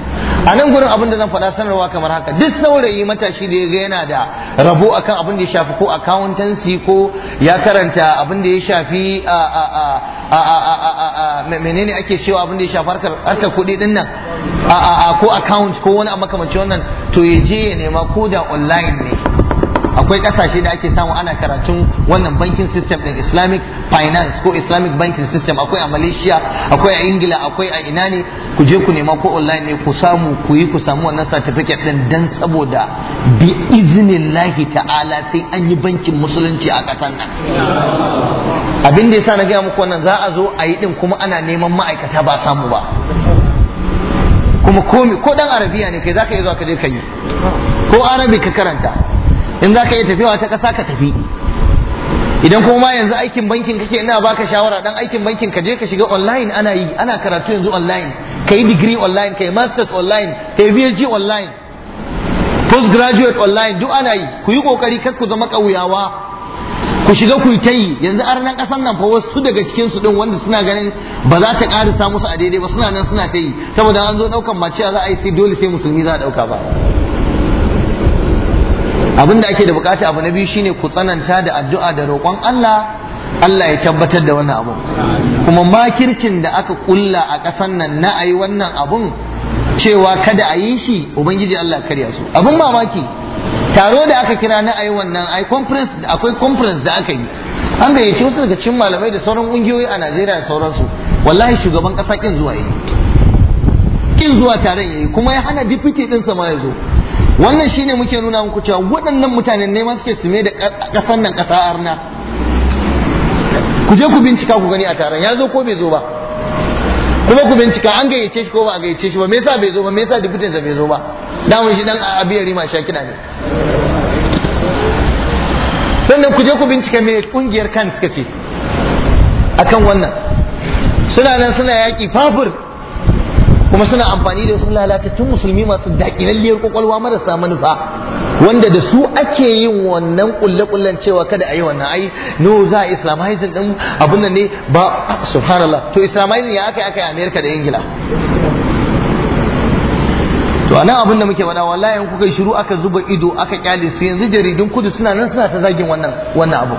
a nan gurin abin da zan faɗa sanarwa kamar haka duk saurayi matashi da ya ga yana da rabo akan abin da ya shafi ko accountancy ko ya karanta abin da ya shafi a a a a a menene ake cewa abin da ya shafi harkar harkar kuɗi din nan a a ko account ko wani makamancin wannan to ya je ya nema ko da online ne akwai kasashe da ake samu ana karatun wannan banking system din islamic finance ko islamic banking system akwai a malaysia akwai a ingila akwai a ina ne ku je ku nema ko online ne ku samu ku yi ku samu wannan certificate din dan saboda bi iznin lahi ta'ala sai an yi bankin musulunci a kasan nan abin da yasa na gaya muku wannan za a zo a yi din kuma ana neman ma'aikata ba samu ba kuma komi ko dan arabiya ne kai zaka iya zuwa ka je ka yi ko arabi ka karanta in za ka iya tafiya ta ƙasa ka tafi idan kuma ma yanzu aikin bankin kake ina baka shawara dan aikin bankin ka je ka shiga online ana yi ana karatu yanzu online ka yi degree online ka yi masters online ka yi PhD online postgraduate online duk ana yi ku yi kokari kar ku zama ƙauyawa ku shiga ku ta yi yanzu a ranar ƙasar nan fa wasu daga cikin su din wanda suna ganin ba za ta ƙarisa musu a daidai ba suna nan suna ta yi saboda an zo ɗaukan mace za a yi sai dole sai musulmi za a ɗauka ba abin da ake da bukata abu na biyu shine ku tsananta da addu'a da roƙon Allah Allah ya tabbatar da wannan abun kuma makircin da aka kulla a ƙasan nan na ayi wannan abun cewa kada a yi shi ubangiji Allah karya su abin mamaki taro da aka kira na ayi wannan ai conference akwai conference da aka yi an gayyaci wasu daga cikin malamai da sauran kungiyoyi a Najeriya da sauransu wallahi shugaban kasa kin zuwa yi kin zuwa taron yayi kuma ya hana deputy din sa ma ya zo wannan shine muke nuna muku cewa waɗannan mutanen neman suke sume da ƙasar nan ƙasa arna ku je ku bincika ku gani a taron ya zo ko bai zo ba kuma ku bincika an gayyace shi ko ba a gayyace shi ba me yasa bai zo ba me yasa dubutin sa bai zo ba damun shi dan abiyari ma shakina ne sannan ku je ku bincika me kungiyar kan suka ce akan wannan suna nan suna yaƙi fafur kuma suna amfani da wasu lalatattun musulmi masu daƙilalliyar kwakwalwa marasa manufa wanda da su ake yin wannan ƙulle-ƙullen cewa kada a yi wannan ai no za a islamizing din abun nan ne ba subhanallah to islamizing ya aka aka a da ingila to anan abin da muke faɗa wallahi in kuka yi shiru aka zuba ido aka kyale su yanzu jaridun kudu suna nan suna ta zagin wannan wannan abu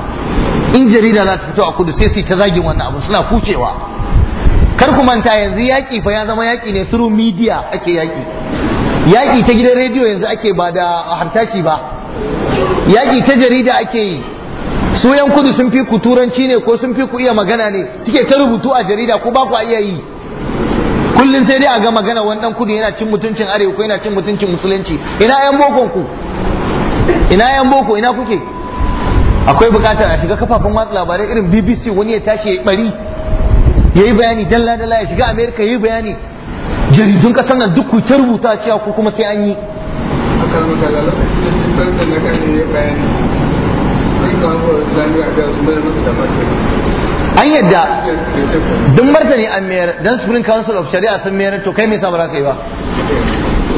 in jarida za ta fito a kudu sai su ta zagin wannan abu suna kucewa kar ku manta yanzu yaƙi fa ya zama yaƙi ne through media ake yaƙi yaƙi ta gidan rediyo yanzu ake ba da hartashi ba yaƙi ta jarida ake yi su yan kudu sun fi ku turanci ne ko sun fi ku iya magana ne suke ta rubutu a jarida ko ba ku iya yi kullum sai dai a ga magana wani dan kudu yana cin mutuncin arewa ko yana cin mutuncin musulunci ina yan bokon ku ina yan boko ina kuke akwai bukatar a shiga kafafen watsa labarai irin bbc wani ya tashi ya yi bari ya yi bayani dalla dalla ya shiga amerika ya yi bayani jaridun kasar nan duk ku ta rubuta cewa ko kuma sai an yi an yadda don martani an mayar don supreme council of shari'a sun mayar to kai me samura ba ba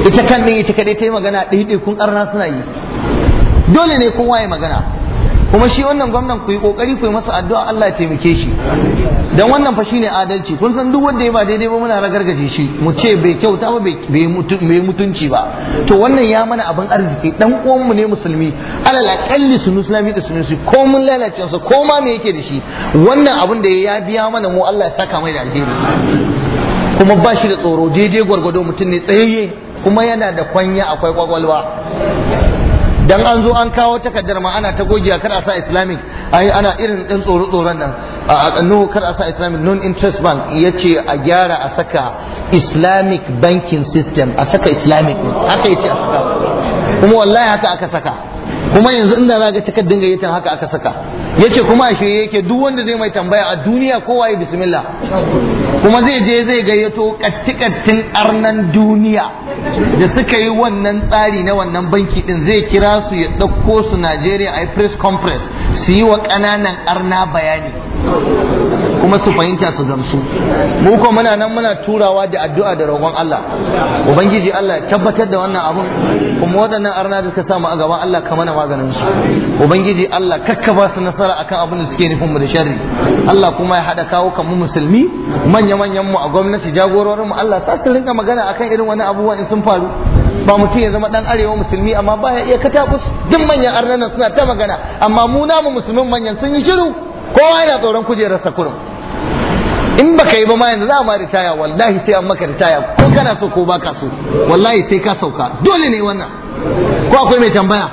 ita kan ita kadai ta yi magana ɗaiɗaikun ƙarna suna yi dole ne kowa ya magana kuma shi wannan gwamnan ku yi kokari ku yi masa addu'a Allah ya taimake shi dan wannan fa shine adalci kun san duk wanda ya ba daidai ba muna ragargaje shi mu ce bai kyauta ba bai mutunci ba to wannan ya mana abin arziki dan uwan mu ne musulmi alal aqalli su musulmi da su ko mun lalace sa ko ma me yake da shi wannan abin da ya biya mana mu Allah ya saka mai da alheri kuma ba shi da tsoro daidai gwargwado mutum ne tsayayye kuma yana da kwanya akwai kwakwalwa dan an zo an kawo takardar ma ana ta gogiya kar a sa islamic ai ana irin din tsoro tsoron nan a no kar a sa islamic non interest bank yace a gyara a saka islamic banking system a saka islamic haka yace a saka kuma wallahi haka aka saka kuma yanzu inda za ga takardun gayyatar haka aka saka yace kuma a yake duk wanda zai mai tambaya a duniya kowa ya bismillah kuma zai je zai gayyato kattikattin arnan duniya da suka yi wannan tsari na wannan banki din zai kira su ya ɗauko su Najeriya a press conference su yi wa ƙananan arna bayani kuma su fahimta su gamsu mu ko muna nan muna turawa da addu'a da roƙon Allah ubangiji Allah ya tabbatar da wannan abun kuma waɗannan arna da suka samu a gaban Allah ka mana maganin su ubangiji Allah kakka ba su nasara akan abin da suke nufin mu da sharri Allah kuma ya hada kawo kan mu musulmi manya manyan mu a gwamnati jagororin mu Allah ta su rinka magana akan irin wani abubuwa in sun faru ba mutum ya zama dan arewa musulmi amma ba ya iya katabus duk manyan arnanan suna ta magana amma mu namu musulmin manyan sun yi shiru kowa yana tsoron kujerar kurum in baka yi ba ma yanzu za ma ritaya wallahi sai an maka ritaya ko kana so ko baka so wallahi sai ka sauka dole ne wannan ko akwai mai tambaya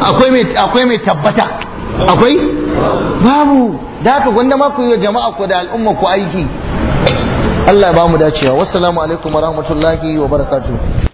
akwai mai tabbata akwai babu da haka gwanda ma ku yi wa jama'a ko da al'umma ko aiki Allah ya ba mu dacewa wassalamu alaikum wa rahmatullahi wa barakatuh